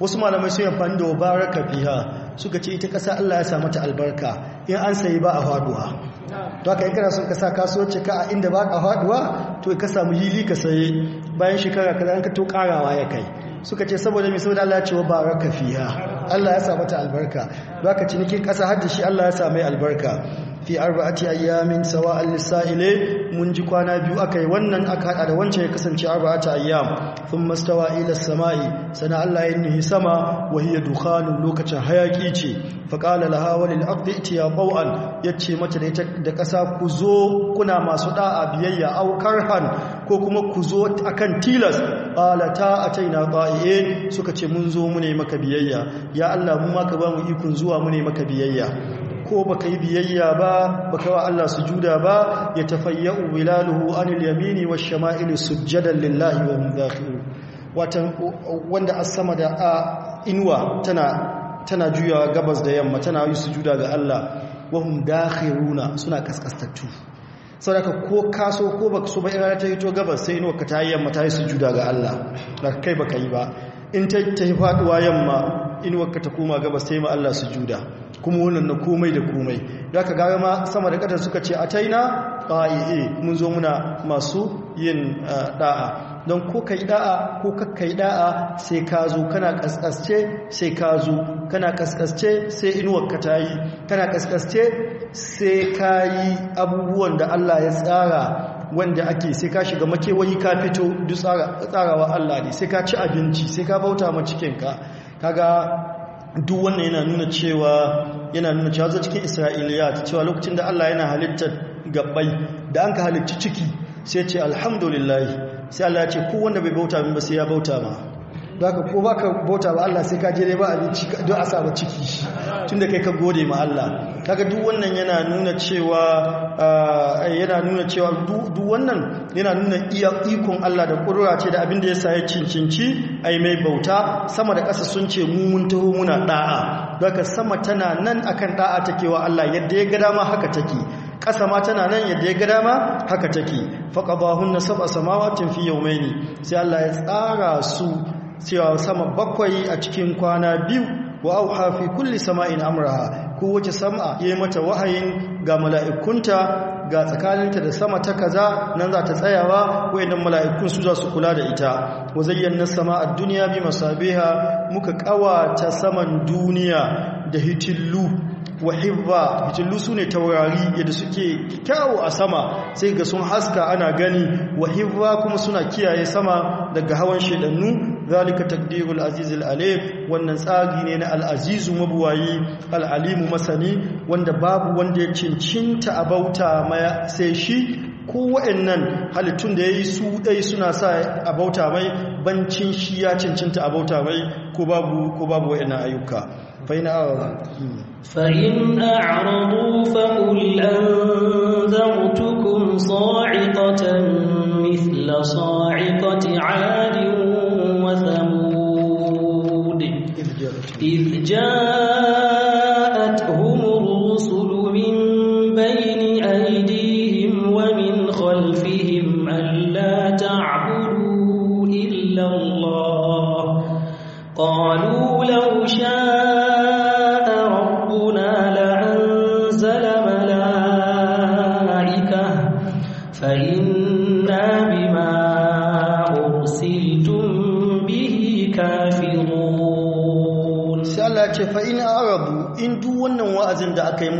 wasu malamai sun amfani da baraka fiha suka ce ita kasa Allah ya samu ta albarka in an sayi ba a faduwa to haka in kana son ka sa kasuwanci ka a inda ba ka faduwa to ka samu hili ka saye bayan shekara kaza ka to karawa ya kai suka ce saboda mai saboda Allah ya ce wa baraka fiha Allah ya samu ta albarka to haka ciniki kasa hadda shi Allah ya samu albarka fi arba'ati ayyamin sawa'al lisa'ile mun ji kwana biyu akai wannan aka hada da wancan ya kasance arba'ati ayyam thumma stawa ila samai sana Allah ya nihi sama wa hiya dukhanun lokacin hayaki ce fa qala laha walil aqdi tiya bawan yace mata da ita da kasa ku zo kuna masu ɗa'a biyayya aukar han ko kuma ku zo akan tilas qalata ataina qa'i'in suka ce mun zo mu maka biyayya ya Allah mu ma ka ba mu ikon zuwa mu maka biyayya ko baka yi biyayya ba baka wa Allah sujuda ba ya tafayya'u bilaluhu anil yamini wash shama'il sujjadan lillahi wa mudakhiru watan wanda as-sama da a inuwa tana tana juyawa gabas da yamma tana yi sujuda ga Allah wahum dakhiruna suna kaskastattu saboda ko kaso ko baka so ba ina ta hito gabas sai inuwa ka ta yi yamma ta yi sujuda ga Allah da kai baka yi ba in ta ta faduwa yamma inuwa ka ta koma gabas sai ma Allah su juda. kuma wannan na komai da komai da ka gaba ma sama da ƙasar suka ce a taina ƙa'i'i eh, eh, mun zo muna masu yin da'a don ko ka yi da'a ko kakka yi da'a sai ka zo kana ƙasƙasce sai ka zo kana ƙasƙasce sai ka ta yi kana ƙasƙasce sai ka yi abubuwan da Allah ya tsara wanda ake sai ka shiga makewayi ka fito duk tsarawa Allah ne sai ka ci abinci sai ka bauta ma cikinka kaga duk wannan yana nuna cewa yana nuna cewa zai cikin ta cewa lokacin da Allah yana halittar gabbai da an ka halicci ciki sai ce alhamdulillah sai Allah ya ce ko bai bauta min ba sai ya bauta ma haka ko baka bauta ba Allah sai ka je dai ba abinci don a saba ciki tunda kai ka gode ma Allah kaga duk wannan yana nuna cewa ah, yana nuna cewa duk wannan yana nuna iya ikon Allah da kudura ce da abin da yasa ya cincinci ai mai bauta sama da kasa sun ce mu mun taho muna da'a haka sama tana nan akan da'a take wa Allah yadda ya ga dama haka take ƙasa ma tana nan yadda ya ga dama haka take faqadahunna sab'a samawati fi yawmayni sai Allah ya tsara su cewa sama bakwai a cikin kwana biyu wa auha fi kulli sama'in amraha wace sama yayi mata wahayin ga mala'ikunta ga tsakaninta da sama ta kaza nan za ta tsayawa wayannan mala'ikun su za su kula da ita wa zayyana sama'a dunya bi masabiha muka kawata saman duniya da hitillu wa hibba hitillu su taurari yadda suke kyawo a sama sai ga sun haska ana gani wa hibba kuma suna kiyaye sama daga hawan shedannu zalika takdirul aziz alim wannan tsari ne na alazizu mabuwayi alalimu masani wanda babu wanda ya cincinta a bauta mai sai shi ko wa'annan halittun da ya yi su ɗai suna sa a bauta mai bancin shi ya cincinta a bauta mai ko babu ko babu wa'annan ayyuka fa'in hmm. a'aradu fa'in a'aradu
fa'ul an zartukum sa'iqatan إذ جاء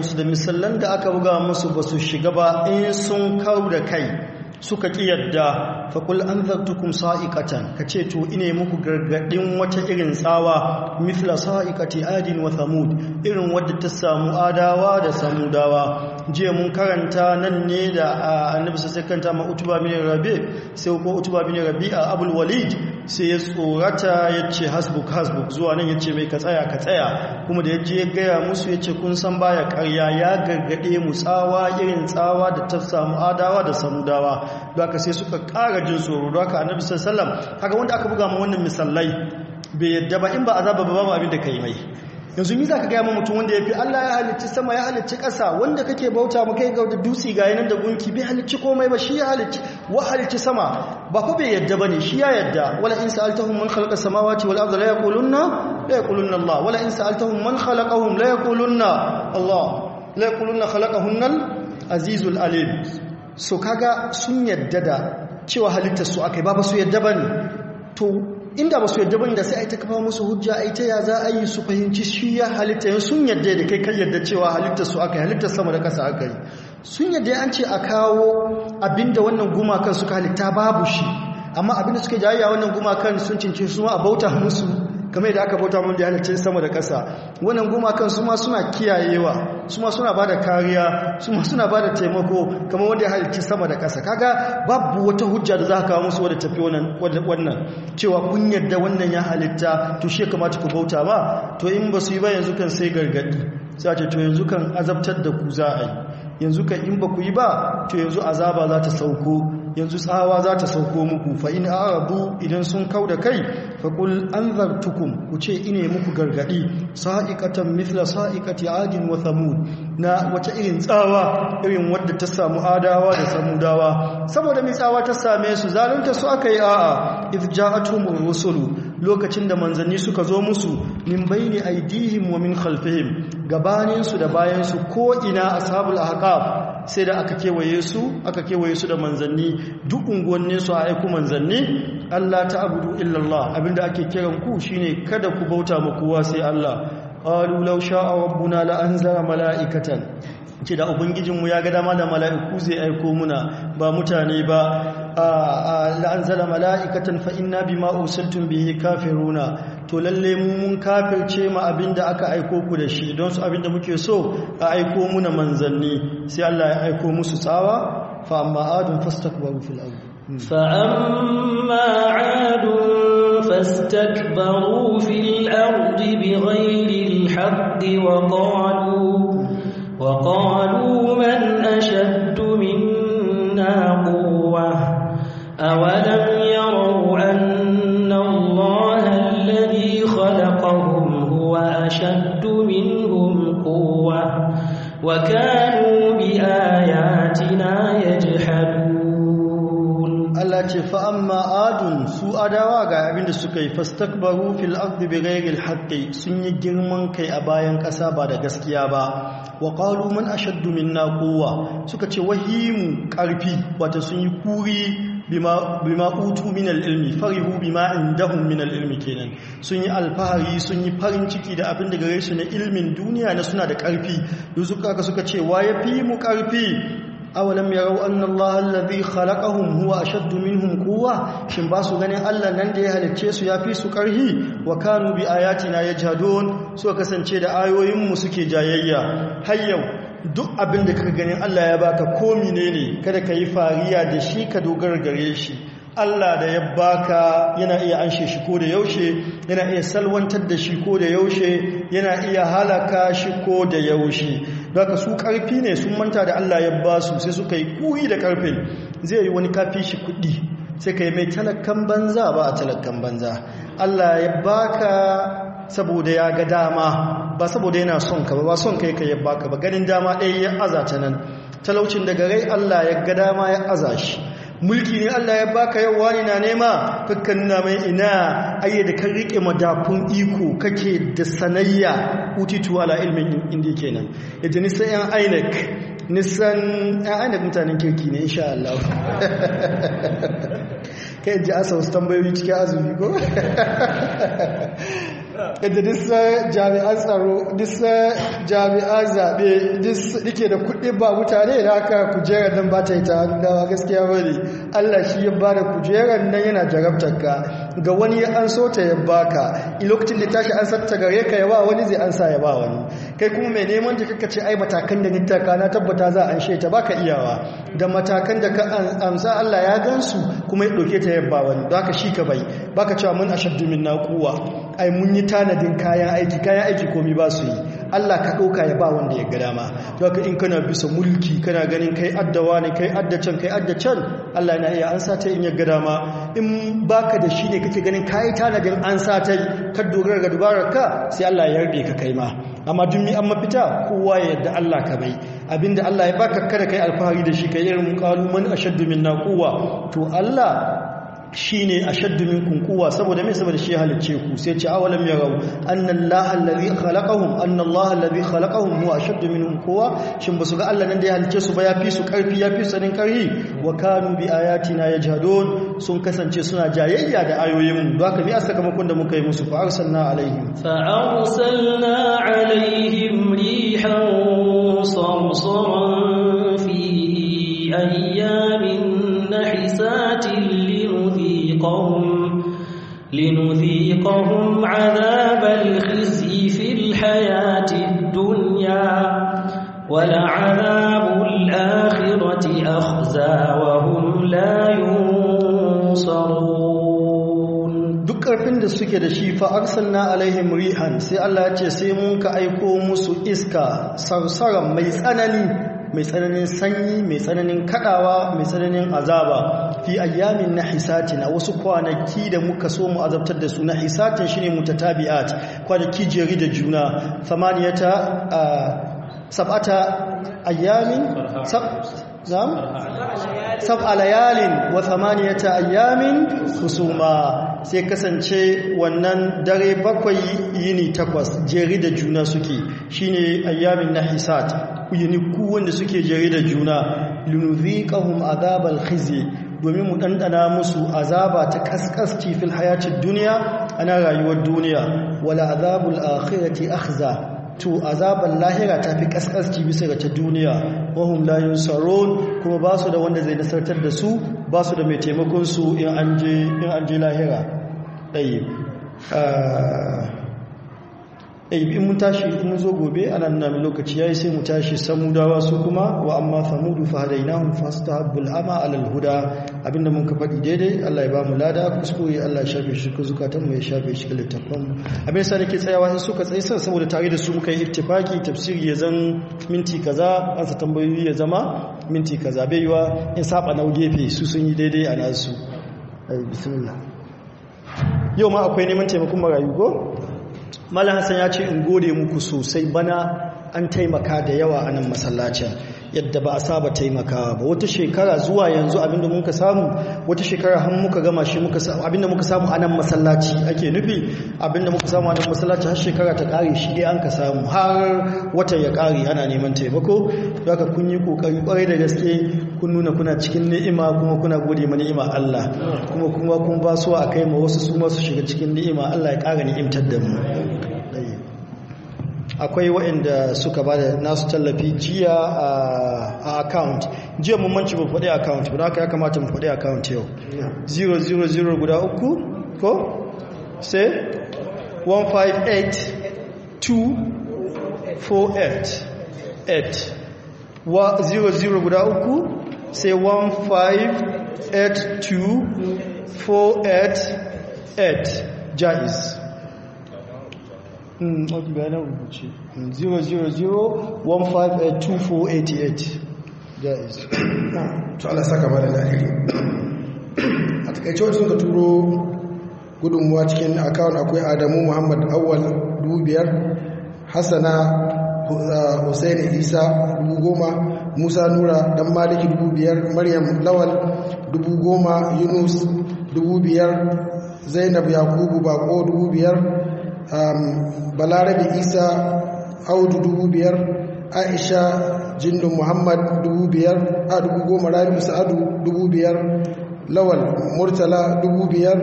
musu da misallan da aka buga musu ba su shiga ba in sun kau da kai suka ƙi yadda faƙul an zartukum sa'ikatan ka ce to ina muku gargaɗin wata irin tsawa mithla sa'ikati adin wa samud irin wadda ta samu adawa da samudawa jiya mun karanta nan ne da annabi sai kanta ma utuba bin rabi sai ko utuba bin a abul walid sai ya tsorata ya ce hasbuk hasbuk zuwa nan ya ce mai ka tsaya ka tsaya kuma da ya je ya gaya musu ya ce kun san baya karya ya gargaɗe mu tsawa irin tsawa da ta samu adawa da samudawa da aka sai suka ƙara jin tsoro da aka annabi wasallam kaga wanda aka buga mu wannan misallai bai yadda ba in ba azaba ba babu abin da kai mai yanzu ni za ka gaya ma mutum wanda ya fi Allah ya halicci sama ya halicci ƙasa wanda kake bauta mu kai ga dutse ga yanar da gunki bai halicci komai ba shi ya halicci wa halicci sama ba fa bai yadda ba ne shi ya yadda wala in sa'altahum man khalaqa samawati wal arda la yaqulunna la yaqulunna Allah wala in sa'altahum man khalaqahum la yaqulunna Allah la yaqulunna khalaqahunna azizul alim so kaga sun yadda da cewa halittar su akai ba ba su yadda bane to inda ba su yadda ba da sai a yi ta kafa musu hujja a yi ta ya za a yi su fahimci shi ya halitta yin sun yadda da kai kai yadda cewa halitta su aka yi halittar sama da kasa aka yi sun yadda an ce a kawo abinda wannan gumakan suka halitta babu shi amma abinda suke jayayya wannan gumakan sun cince su a bauta musu kamar yadda aka bauta mun da halittar sama da ƙasa wannan gumakan su ma suna kiyayewa su ma suna bada kariya su ma suna bada taimako kamar wanda ya halicci sama da ƙasa kaga babu wata hujja da za ka kawo musu wadda tafi wannan cewa kun yadda wannan ya halitta to shi kamata ku bauta ba to in ba su yi ba yanzu kan sai gargaɗi sai a to yanzu kan azabtar da ku za a yi yanzu kan in ba ku yi ba to yanzu azaba za ta sauko yanzu tsawa za ta sauko muku fa a arabu idan sun kau da kai fa an zartukun ku ce ine muku gargaɗi. Sa'iƙatan mifla sa'iƙati adin wa samu na wace irin tsawa irin wadda ta samu adawa da samudawa saboda mai tsawa ta same su zalunta su aka yi a'a a tumur rusulu lokacin da manzanni suka zo musu min bayni aidihim wa min khalfihim gabaninsu da bayansu ko ina ashabul ahqaf sai da aka kewaye su aka kewaye su da manzanni duk unguwannin su a aiku manzanni Allah ta abudu illallah abinda ake kiran ku shine kada ku bauta ma kowa sai Allah qalu law sha'a rabbuna la anzala mala'ikatan ce da mu ya ga dama da mala'iku zai aiko muna ba mutane ba la anzala mala'ikatan fa inna bima usiltum bihi kafiruna to lalle mu mun kafirce ma abinda aka aiko ku da shi don su abinda muke so a aiko muna manzanni sai Allah ya aiko musu tsawa fa amma adun fastakbaru fil ard fa amma
adun fastakbaru fil ard bi ghairi al haqq wa qalu wa qalu man ashaddu minna quwwa awalam yara أشد منهم قوة وكانوا بآياتنا يجحدون
الله ce fa amma adun su adawa ga abin da suka yi fastakbaru fil ardi bighairi alhaqqi sun yi girman kai a bayan ƙasa ba da gaskiya ba wa qalu man ashaddu minna suka ce wahimu ƙarfi wata sun yi kuri bima utu min al-ilmi farihu bima indahum min al-ilmi kenan sun yi alfahari sun yi farin ciki da abin da gare su na ilmin duniya na suna da karfi duzuka suka ce wa yafi mu karfi awalam yarau anna allaha alladhi khalaqahum huwa ashaddu minhum quwwa shin ba su ganin Allah nan da ya halicce su yafi su karhi wa kanu bi ayatina yajhadun suka kasance da ayoyin mu suke jayayya har yau duk abin da kaka ganin Allah ya baka ko ne kada ka yi fariya da shi ka dogara gare shi Allah da ya baka yana iya anshe shi ko da yaushe yana iya salwantar da shi ko da yaushe yana iya halaka shi ko da yaushe daga su karfi ne sun manta da Allah ya ba su sai suka yi kuyi da karfe zai yi wani kafi shi kuɗi sai ka yi mai talakan banza ba a talakan banza Allah ya baka saboda ya ga dama ba saboda yana son ka ba son kai ka yabba ka ba ganin dama ɗaya ya aza ta nan talaucin daga rai Allah ya ga dama ya aza shi mulki ne Allah ya baka yau wani na nema kakkan na mai ina ayye da ka rike madafun iko kake da sanayya utitu ala ilmin indi kenan ji nisan yan INEC nisan yan INEC mutanen kirki ne insha Allah
kai ji asa wasu tambayoyi cikin azumi ko yadda disa jami'an tsaro disa jami'an zaɓe dike da kuɗi ba mutane da aka kujerar nan ba ta yi ta dawa gaskiya ba allah shi
ya ba da kujerar nan yana jarabtar ka ga wani ya an so ta ya baka lokacin da tashi an satta gare ka ya ba wani zai an sa ya ba wani kai kuma mai neman ta kakace ai matakan da nittaka na tabbata za a anshe ta baka iyawa da matakan da ka amsa Allah ya gansu kuma ya ɗauke ta yabba wani don haka shi ka bai baka cewa mun ashaddu min naquwa ai mun yi tanadin kayan aiki kayan aiki komi ba su yi Allah ka ɗauka ya ba wanda ya ga dama to ka in kana bisa mulki kana ganin kai addawa ne kai addacan kai addacan Allah yana iya ansa ta in ya ga dama in baka da shi ne kake ganin kai tanadin ansa ta ka dogara ga dubarar ka sai Allah ya yarde ka kai ma amma dun mi an mafita kowa ya yarda Allah ka bai abinda Allah ya baka kada kai alfahari da shi ka yi irin qalu man ashaddu minna quwwa to Allah shine ashaddu minkum quwwa saboda me saboda shi halicce ku sai ce awalam yarau annallaha allazi khalaqahum annallaha allazi khalaqahum huwa ashaddu minhum quwwa shin basu ga Allah nan da ya halicce su ba yafi su karfi yafi su sanin karfi wa kanu bi ayatina yajhadun sun kasance suna jayayya da ayoyin mu ba don haka me sakamakon da muka yi musu fa arsalna alaihim
fa arsalna alaihim rihan sarsaran fi ayyi لنذيقهم عذاب الخزي في الحياة الدنيا ولعذاب الآخرة أخزى وهم لا
ينصرون duk ƙarfin da suke da shi fa arsalna alaihim rihan sai Allah ya ce sai mun ka aiko musu iska sarsaran mai tsanani mai tsananin sanyi mai tsananin kaɗawa, mai tsananin azaba fi ayyamin na hisatina wasu kwanaki da muka so mu azabtar da su na shi shine mutatabi'at kwanaki jeri da juna thamaniyata sab'ata ayyamin sab نعم wa samaniyata وثمانية أيام sai kasance wannan dare bakwai yini takwas jeri da juna suke shine ayyamin nahisat yini ku wanda suke jeri da juna lunudhiqahum azabal khizi domin mu ɗanɗana musu azaba ta kaskasci fil hayacin duniya ana rayuwar duniya wala azabul akhirati akhza to azaban lahira ta fi kaskasci bisa ga ta duniya wahum la yunsarun kuma ba su da wanda zai nasartar da su ba su da mai taimakon su in an je lahira ɗaya Eh, in mun tashi mun zo gobe ana nuna min lokaci ya yi sai mu tashi samudawa su kuma wa amma samudu fa hadainahum fasta ama alal huda abinda mun ka faɗi daidai Allah ya ba mu lada kuskure Allah ya shafe shi ku zukatan mu ya shafe shi ga littafan mu abin sa nake tsayawa in suka tsaye sai saboda tare da su muka yi ittifaki tafsiri ya zan minti kaza ansa tambayoyi ya zama minti kaza bai yiwa in saba na gefe su sun yi daidai a nasu bismillah yau ma akwai neman taimakon marayu ko. malam hassan ya ce in gode muku sosai bana an taimaka da yawa a nan masallacin yadda ba a saba taimakawa ba wata shekara zuwa yanzu abinda muka samu wata shekara har muka gama shi muka samu abinda muka samu a nan masallaci ake nufi abinda muka samu a nan masallaci har shekara ta kare shi dai an ka samu har wata ya kare ana neman taimako haka kun yi kokari kwarai da gaske kun nuna kuna cikin ni'ima kuma kuna gode ma ni'ima Allah kuma kuma kun ba su a kai ma wasu su ma su shiga cikin ni'ima Allah ya kara ni'imtar da mu akwai waɗanda suka ba da nasu tallafi jiya a account jiya mun manci mu faɗi account ba haka ya kamata mu faɗi account yau 000 guda uku ko sai 158248 00 guda uku sai 1582488 jaiz Mm, ok bayanan rubuce 000158248
jais to Allah saka ba da lahiri a takaice wasu suka turo gudunmuwa cikin akwai adamu muhammad Awwal, hassana uh, isa musa nura dan maliki dubu biyar maryam lawal dubu yunus dubu zainab yakubu bako da um, isa audu dubu biyar aisha jindu muhammad dubu biyar a dubu goma rabi sa'adu dubu biyar lawal murtala dubu biyar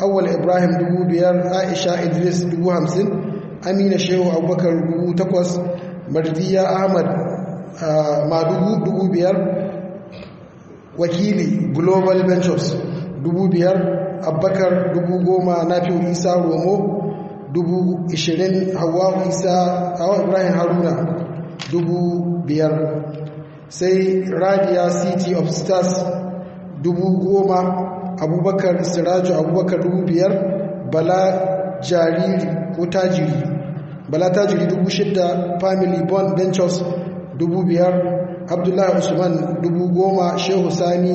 awal ibrahim dubu biyar aisha idris dubu hamsin amina shehu abubakar dubu takwas mardiya ahmad uh, ma dubu biyar wakili global ventures dubu biyar abubakar dubu goma nafi isa romo dubu ishirin hawa isa hawa ibrahim haruna dubu biyar sai rabia city of stars dubu goma abubakar siraju abubakar dubu biyar bala jariri ko tajiri bala tajiri dubu shidda family bond ventures dubu biyar abdullahi usman dubu goma shehu sani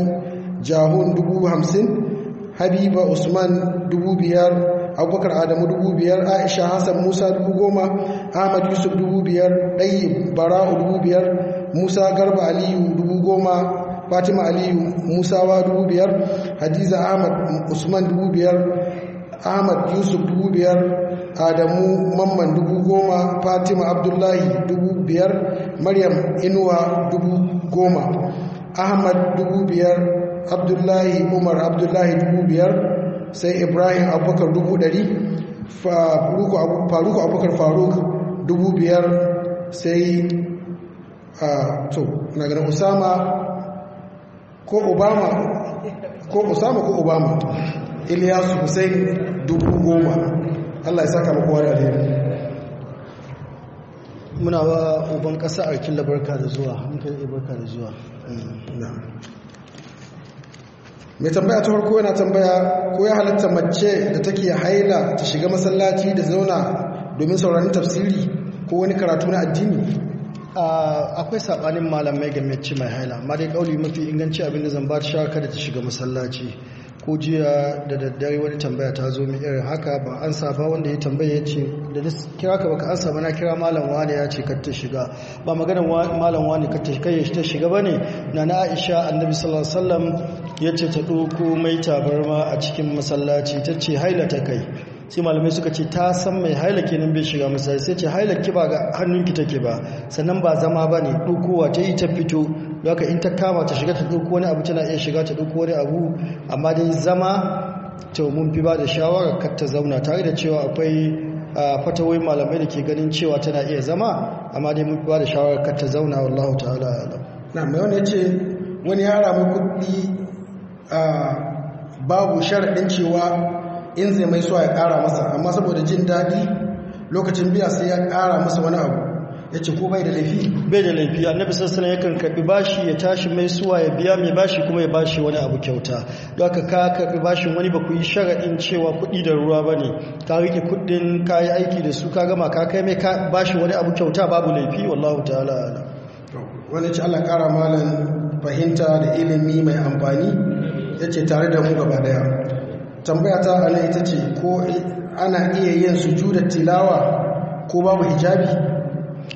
jahun dubu hamsin habiba usman dubu biyar abubakar adamu dubu biyar aisha hassan musa dubu goma ahmad yusuf dubu biyar ɗayi bara'u dubu biyar musa garba aliyu dubu goma fatima aliyu musawa dubu biyar hadiza ahmad usman dubu biyar ahmad yusuf dubu biyar adamu mamman dubu goma fatima abdullahi dubu biyar maryam inuwa dubu goma ahmad dubu biyar abdullahi umar abdullahi dubu biyar sai ibrahim abubakar dubu ɗari faruku abubakar faruk dubu biyar sai a to na usama ko obama ko usama ko obama iliyasu hussein dubu goma allah ya saka makowa da alheri muna wa uban ƙasa a kin labarka da zuwa hankali barka da zuwa mai tambaya ta farko yana tambaya ko ya halatta mace da take haila ta shiga masallaci da zauna domin sauraron tafsiri ko wani karatu na addini akwai sabanin malamai ga mace mai haila amma dai kauli mafi inganci abinda zan ba ta kada ta shiga masallaci
ko jiya da daddare wani tambaya ta zo mai irin haka ba an ba wanda ya tambaya ya ce da kira ka baka an na kira malam wani ya ce kar ta shiga ba maganar malam wani kar ta shiga ba ne na na aisha annabi sallallahu alaihi ya ce ta ɗoko mai tabarma a cikin masallaci ta ce haila ta kai sai malamai suka ce ta san mai haila kenan bai shiga masallaci sai ce haila ki ba ga hannunki take ba sannan ba zama ba ne ɗokowa ta yi ta fito haka in ta kama ta shiga ta ɗauko wani abu tana iya shiga ta ɗauko wani abu amma dai zama to mun fi ba da shawara kar ta zauna tare da cewa akwai fatawai malamai da ke ganin cewa tana iya zama amma dai mun ba da shawarar kar ta zauna wallahu ta'ala
alam na mai wani yace wani ya ara mai kuɗi babu sharaɗin cewa in zai mai suwa ya ƙara masa amma saboda jin daɗi lokacin biya sai ya ƙara masa wani abu ya ce ko bai da laifi bai da laifi annabi
sassana yakan karɓi bashi ya tashi mai suwa ya biya mai bashi kuma ya bashi wani abu kyauta don haka ka karɓi bashin wani ba ku yi sharaɗin cewa kuɗi da ruwa ba ne ka riƙe kuɗin ka yi aiki
da su ka gama ka kai mai ka bashi wani abu kyauta babu laifi wallahu ta'ala wani allah ƙara malam fahimta da ilimi mai amfani yake tare da mu gaba daya tambaya ta ana ita ce ko ana iya yin sujudar tilawa ko babu hijabi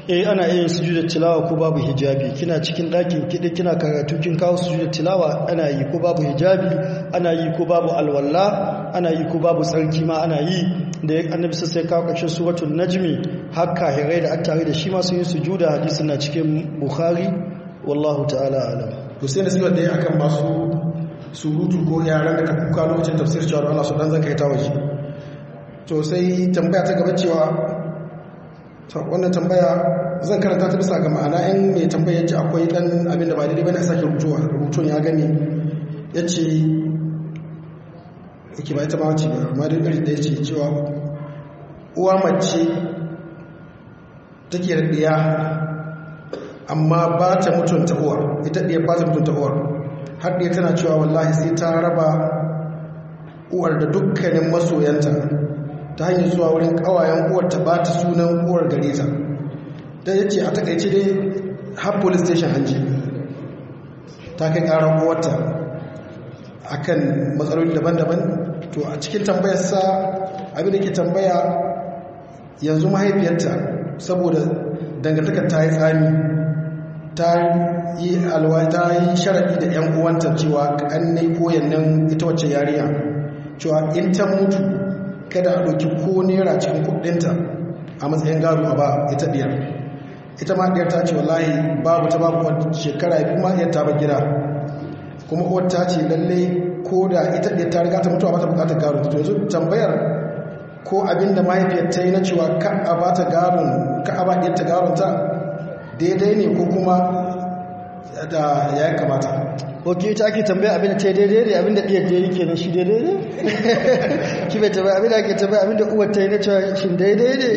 eh ana iya yin sujudar tilawa ko babu hijabi
kina cikin ɗakin kiɗi kina karatu kin kawo sujudar tilawa ana yi ko babu hijabi ana yi ko babu alwala ana yi ko babu tsarki ma ana yi da annabi sai kawo ƙarshen suratul najmi hakka hirai da attare da shi ma sun yi sujuda hadisin na cikin bukhari wallahu ta'ala alam
to sai da suka ɗaya akan masu surutu ko yaran da ka kuka lokacin tafsir cewa Allah su dan zaka ta waje to sai tambaya ta gaba cewa wannan tambaya zan karanta ta bisa ga ma'ana in mai tambaya ce akwai dan abin da ba daidai bane sake rubutuwa rubutun ya gane yace yake ba ita ba wace ba amma dai da yace cewa uwa mace take rabiya amma ba ta mutunta uwa ita ɗaya ba ta mutunta uwa har ɗaya tana cewa wallahi sai ta raba uwar da dukkanin masoyanta ta hanyar zuwa wurin ƙawayen uwar ta ba ta sunan uwar gare ta da ya ce a takaice dai har police station hanji ta kai ƙarar uwarta a kan matsaloli daban-daban to a cikin tambayarsa abin da ke tambaya yanzu mahaifiyarta saboda dangantakar ta yi tsami ta yi alwata yi sharaɗi da 'yan uwanta cewa ƙannai koyan nan ita wacce yariya cewa in ta mutu kada a ɗauki ko naira cikin kuɗinta a matsayin gado a ba ita ɗiyar ita ma ɗiyar ta ce wallahi babu ta babu shekara biyu ma ɗiyar ta ba gida kuma uwar ta ce lallai ko da ita ɗiyar ta riga ta mutuwa ba ta buƙatar gado to yanzu tambayar ko abin da mahaifiyar ta yi na cewa ka a ba ta ka a ba ɗiyar ta gado ta daidai ne ko kuma da ya kamata ok ita ake tambaya abin ta yi daidai ne abin da ɗiyar ta yi
kenan shi daidai ne ki bai tambaya abin da ake tambaya abin da uwar ta yi na cewa shi daidai ne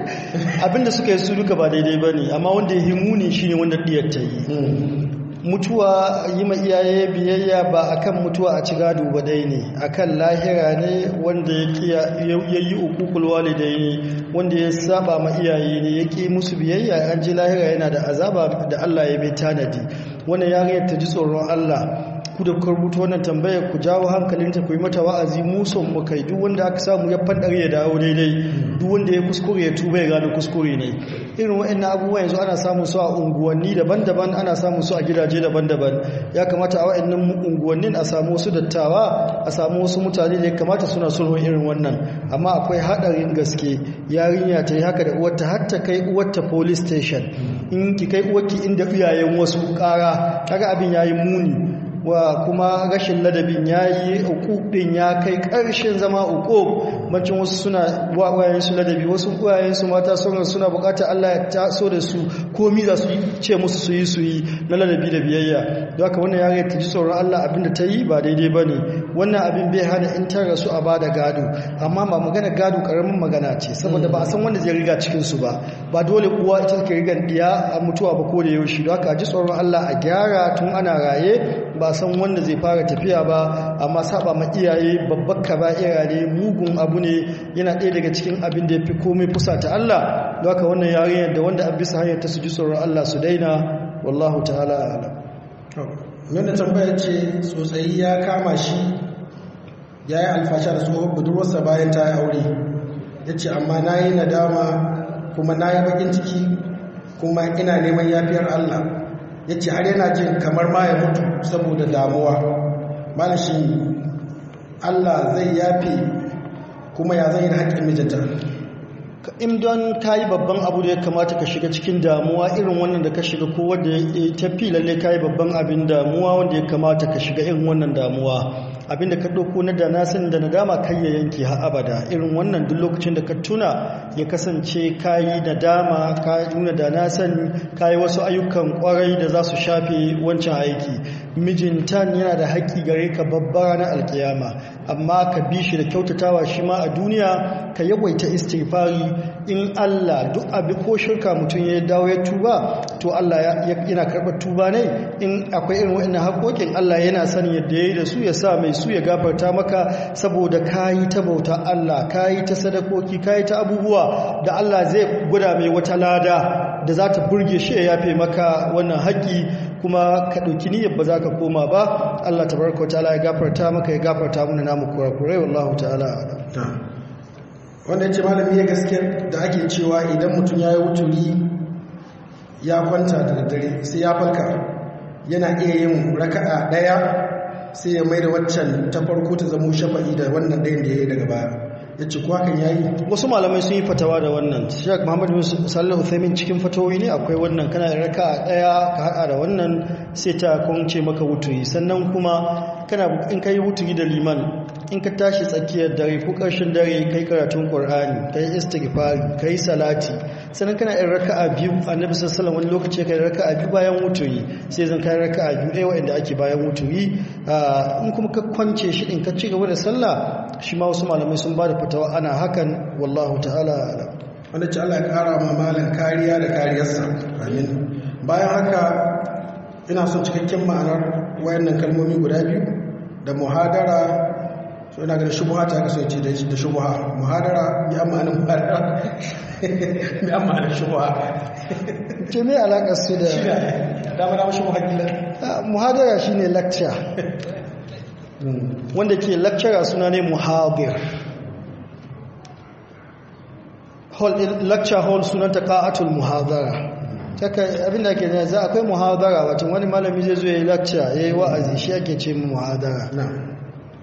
abin da suka yi su duka ba daidai ba ne amma wanda ya yi muni shi ne wanda ɗiyar ta yi hmm. mutuwa yi ma iyaye biyayya ba akan mutuwa a ci gado ba dai ne akan lahira ne wanda ya yi uku ne da yi wanda ya saba ma iyaye ne ya ƙi musu biyayya an ji lahira yana da azaba da Allah ya bai tanadi wannan yare ta ji tsoron Allah ku da kuka rubuta wannan tambayar ku jawo hankalin ta yi mata wa'azi musu mu duk wanda aka samu ya fadar ya dawo daidai duk wanda ya kuskure ya tuba ya gane kuskure ne irin wa'annan abubuwa yanzu ana samun su a unguwanni daban-daban ana samun su a gidaje daban-daban ya kamata a wa'annan unguwannin a samu wasu dattawa a samu wasu mutane da ya kamata suna sulhun irin wannan amma akwai haɗarin gaske yarinya ta yi haka da uwarta har ta kai uwarta police station in ki kai uwarki inda iyayen wasu kara kaga abin yayi muni wa kuma rashin ladabin ya yi ya kai karshen zama uku macin wasu suna wayayensu ladabi wasu wayayensu mata sauran suna bukatar Allah ya taso da su komi za su ce musu su yi su yi na ladabi da biyayya don haka wannan yare ta ji tsoron Allah abin da ta yi ba daidai ba ne wannan abin bai hana in ta rasu a ba da gado amma ba magana gado karamin magana ce saboda ba a san wanda zai riga su ba ba dole uwa ita ke rigan diya a mutuwa ba ko da yaushe don haka ji tsoron Allah a gyara tun ana raye ba san wanda zai fara tafiya ba amma saba ma iyaye babbar kaba'ira ne mugun abu ne yana ɗaya daga cikin abin da ya fi komai fusa ta Allah don haka wannan yarinyar da wanda bisa hanyar ta su ji tsoron Allah su daina wallahu ta'ala a'lam
wanda tambaya ce tsotsayi ya kama shi ya yi alfasha da tsohon budurwarsa bayan ta yi aure ya ce amma na yi nadama kuma na yi bakin ciki kuma ina neman yafiyar Allah ya ce har yana jin kamar ma ya mutu saboda damuwa malishin shi Allah zai yafe kuma ya zai da haƙƙin mijinta
in don ka yi babban abu da ya kamata ka shiga cikin damuwa irin wannan da ka shiga ko da ya tafi lalle ka yi babban abin damuwa wanda ya kamata ka shiga irin wannan damuwa abin da ka ɗauko na da nasin da nadama kai ya yanke har abada irin wannan duk lokacin da ka tuna ya kasance ka yi nadama ka da nasan ka yi wasu ayyukan kwarai da za su shafe wancan aiki mijintan yana da haƙƙi gare ka babba na alkiyama amma ka bi shi da kyautatawa shi ma a duniya ka yawaita istighfari in Allah duk abin ko shirka mutum ya dawo ya tuba to Allah yana karɓar tuba ne in akwai irin wa'annan haƙoƙin Allah yana sani yadda ya yi da su ya sa mai su ya gafarta maka saboda yi ta bauta Allah ka yi ta sadakoki yi ta abubuwa da Allah zai guda mai wata lada da za ta burge shi ya yafe maka wannan haƙƙi kuma ka ɗauki niyyar ba za ka koma ba Allah ta tabaraka ta'ala ya gafarta maka ya
gafarta mana namu kurakurai wallahu ta'ala wanda ya ce malami ya gaske da ake cewa idan mutum ya yi wuturi ya kwanta da daddare sai ya farka yana iya yin raka'a ɗaya sai ya mai da waccan ta farko ta zamo shafa'i da wannan ɗayan da ya yi daga baya da cikuwa kan yayi wasu malamai sun yi fatawa
da wannan shek muhammad bin salih uthaymin cikin fatawoyi ne akwai wannan kana da raka daya ka hada da wannan sai ta kunce maka wuturi sannan kuma kana in kai wuturi da liman in ka tashi tsakiyar dare ko ƙarshen dare kai karatun ƙur'ani kai istighfari kai salati sannan kana yin raka'a biyu annabi sallallahu wani lokaci kai raka'a biyu bayan wuturi sai zan kai raka'a biyu ɗaya wanda ake bayan wuturi in kuma ka kwance shi din ka ci gaba da sallah shi ma wasu malamai sun ba da fatawa ana hakan wallahu ta'ala
wanda ci Allah ya kara ma kariya da kariyarsa amin bayan haka ina son cikakken ma'anar wayannan kalmomi guda biyu da muhadara so ina ganin shubuha ta kasance da da shubuha muhadara ya ma'anin muhadara ya ma'anin shubuha to me alaka su da da mu da mu shubuha gida muhadara shine lecture hmm. wanda
ke lecture suna ne muhadir hall lecture hall sunanta qa'atul muhadara abinda ake ne za akwai muhadara wacin wani malami zai zo ya yi lakca ya yi wa'azi shi ake ce mu muhadara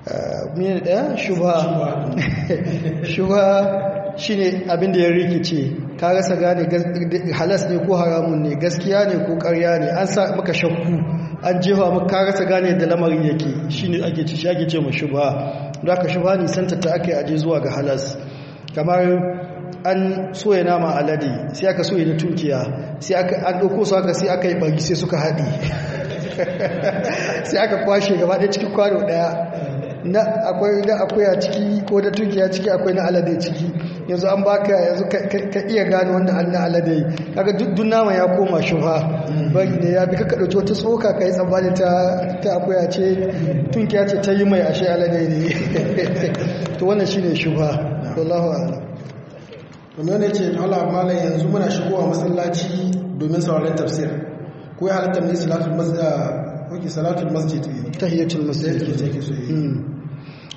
eh, mini daya shuba shuba shi ne abinda ya rikice ka rasa gane halas ne ko haramun ne gaskiya ne ko karya ne an sa maka shakku an jefa maka ka rasa gane da lamarin yake shi ne ake ce shi ake ce mu shuba da ka shubha nisanta ta aka yi aje zuwa ga halas kamar an soya nama alade sai aka soya na tunkiya sai aka an ɗauko su aka sai aka yi bagi sai suka
haɗe sai aka kwashe gaba ɗaya cikin kwano ɗaya na akwai na a ciki ko da tunkiya ciki akwai na alade ciki yanzu an baka yanzu
ka iya gano wanda an na alade kaga duk nama ya koma shuha bari ne ya bi ka dauki ta tsoka kai tsammani ta ta a ce tunkiya ce ta yi mai ashe alade
ne to wannan shine shuha wallahu a'lam domin wanda ce Allah malar yanzu muna shigowa masallaci domin sauraren tafsir ko ya halatta mai ah, salatul masjid ko eh, salatul masjid tahiyatul masjid ke so eh. Hmm.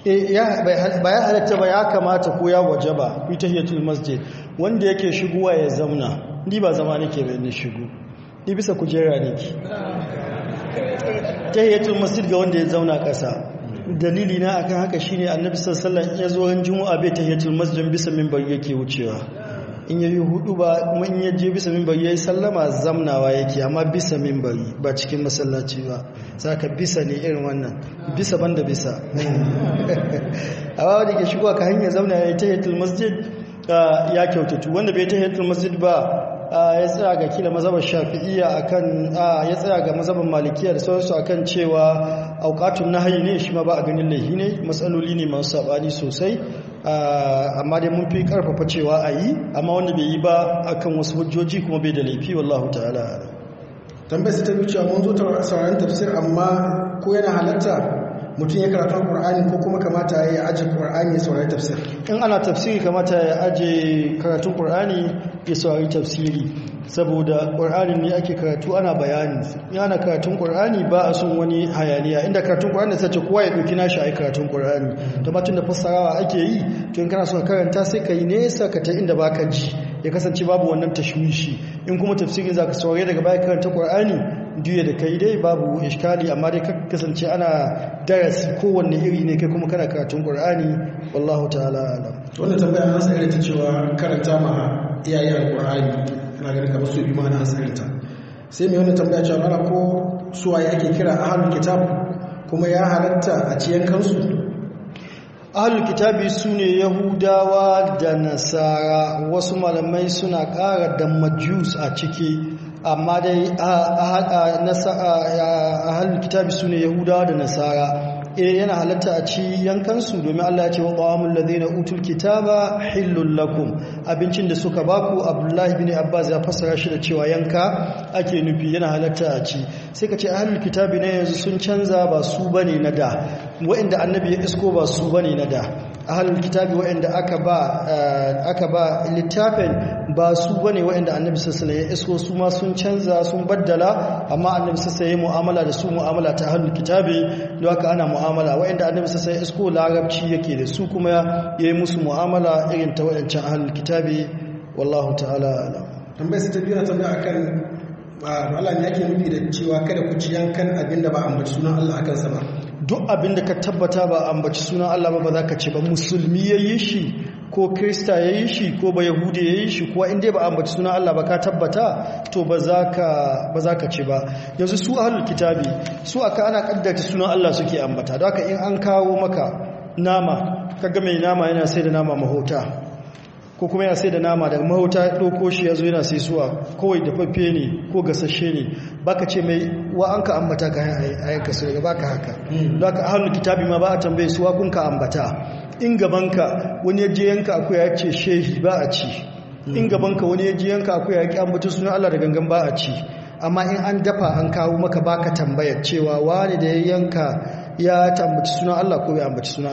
Eh, ba ya halatta ba ya kamata ko ya waje ba ku tahiyatul masjid wanda yake shigowa ya zauna ni ba zama nake ke ni shigo ni bisa kujera nake tahiyatul masjid ga wanda ya zauna kasa dalili na akan haka shine annabi sallallahu alaihi ya zo ran juma'a bai tahiyatul masjid bisa minbar yake wucewa in yayi hudu ba kuma in yaje bisa minbar yayi sallama zamnawa yake amma bisa minbar ba cikin masallaci ba saka bisa ne irin wannan bisa banda bisa amma wanda ke shigo ka hanyar zamna yayi tahiyatul masjid ya kyautatu wanda bai tahiyatul masjid ba ya tsaya ga kila mazhabar shafi'iyya akan ya tsaya ga mazhabar malikiyar da sauransu akan cewa aukatun na hayi ne shi ma ba a ganin laihi ne matsaloli ne masu sabani sosai amma dai mun fi karfafa cewa a yi amma wanda bai yi ba akan wasu hujjoji kuma bai da laifi wallahu ta'ala
tambayar ta cewa mun zo ta sauraron tafsir amma ko yana halatta mutum ya karatu Qur'ani ko kuma kamata ya aje Qur'ani ya saurari tafsir in ana tafsiri kamata ya aje karatun
Qur'ani ya saurari tafsiri saboda ƙwar'anin ne ake karatu ana bayani ana karatun ƙur'ani ba a son wani hayaniya inda karatun ƙur'ani sai ce kowa ya ɗauki nashi a yi karatun ƙur'ani to matun da fassarawa ake yi to in kana son karanta sai ka yi nesa ka ta inda baka ji ya kasance babu wannan tashwishi in kuma tafsirin za ka saurari daga baya karanta ƙwar'ani duye da kai dai babu iskali amma dai ka kasance ana darasi kowanne iri ne kai kuma kana karatun ƙwar'ani wallahu ta'ala alam wannan tambaya an sai ta
cewa karanta ma iyayen ƙwar'ani kana ganin kamar su bi ma'ana asalinta sai mai wannan tambaya cewa rana ko suwaye ake kira ahlul kitab kuma ya halatta a ciyan kansu
ahlul kitabi sune yahudawa da nasara wasu malamai suna ƙara da majus a ciki amma dai ahlul kitabi sune yahudawa da nasara eh yana halatta a ci yankansu domin Allah ya ce wa qawamul na utul kitaba hillun lakum abincin da suka baku Abdullahi bin Abbas ya fassara shi da cewa yanka ake nufi yana halatta a ci sai ka ce ahlul kitabi na yanzu sun canza ba su bane na da wa'inda annabi ya isko ba su bane na da ahalul kitabi waɗanda aka ba eh, ba littafin ba su bane wa'anda annabi sallallahu ya isko su ma sun canza sun baddala amma annabi sassa ya mu'amala da su mu'amala ta ahalul kitabi da haka ana mu'amala waɗanda annabi sassa ya isko larabci yake da su kuma ya yi musu mu'amala irin ta wa'ancan ahalul kitabi
wallahu ta'ala ba tambayar ta na akan ah, Allah ne yake nufi da cewa kada ku ci yankan abinda ba a ambaci sunan Allah akan sa ba duk abin da ka tabbata ba ambaci
sunan Allah ba ba za ka ce ba musulmi ya yi shi ko krista ya yi shi ko ba yahudi ya yi shi kuwa inda ba ambaci sunan Allah ba ka tabbata to ba za ka ce ba yanzu su a ahlul kitabi su aka ana kaddata sunan Allah suke ambata da haka in an kawo maka nama ka ga mai nama yana sai da nama mahota ko kuma ya sai da nama daga mahauta ɗoko shi ya zo yana sai suwa kawai dafaffe ne ko gasashe ne baka ce mai wa an ka ambata ka yanka su daga baka haka mm. da ka hannu kitabi ma ba a tambaye suwa kun ka ambata in gabanka wani ya je yanka akwai ya ce shehi ba a ci mm. in gabanka wani ya je yanka akwai ya ki ambata sunan Allah da gangan ba a ci amma in an dafa an kawo maka baka tambayar cewa wani da ya yanka ya tambaci sunan Allah ko ya ambaci sunan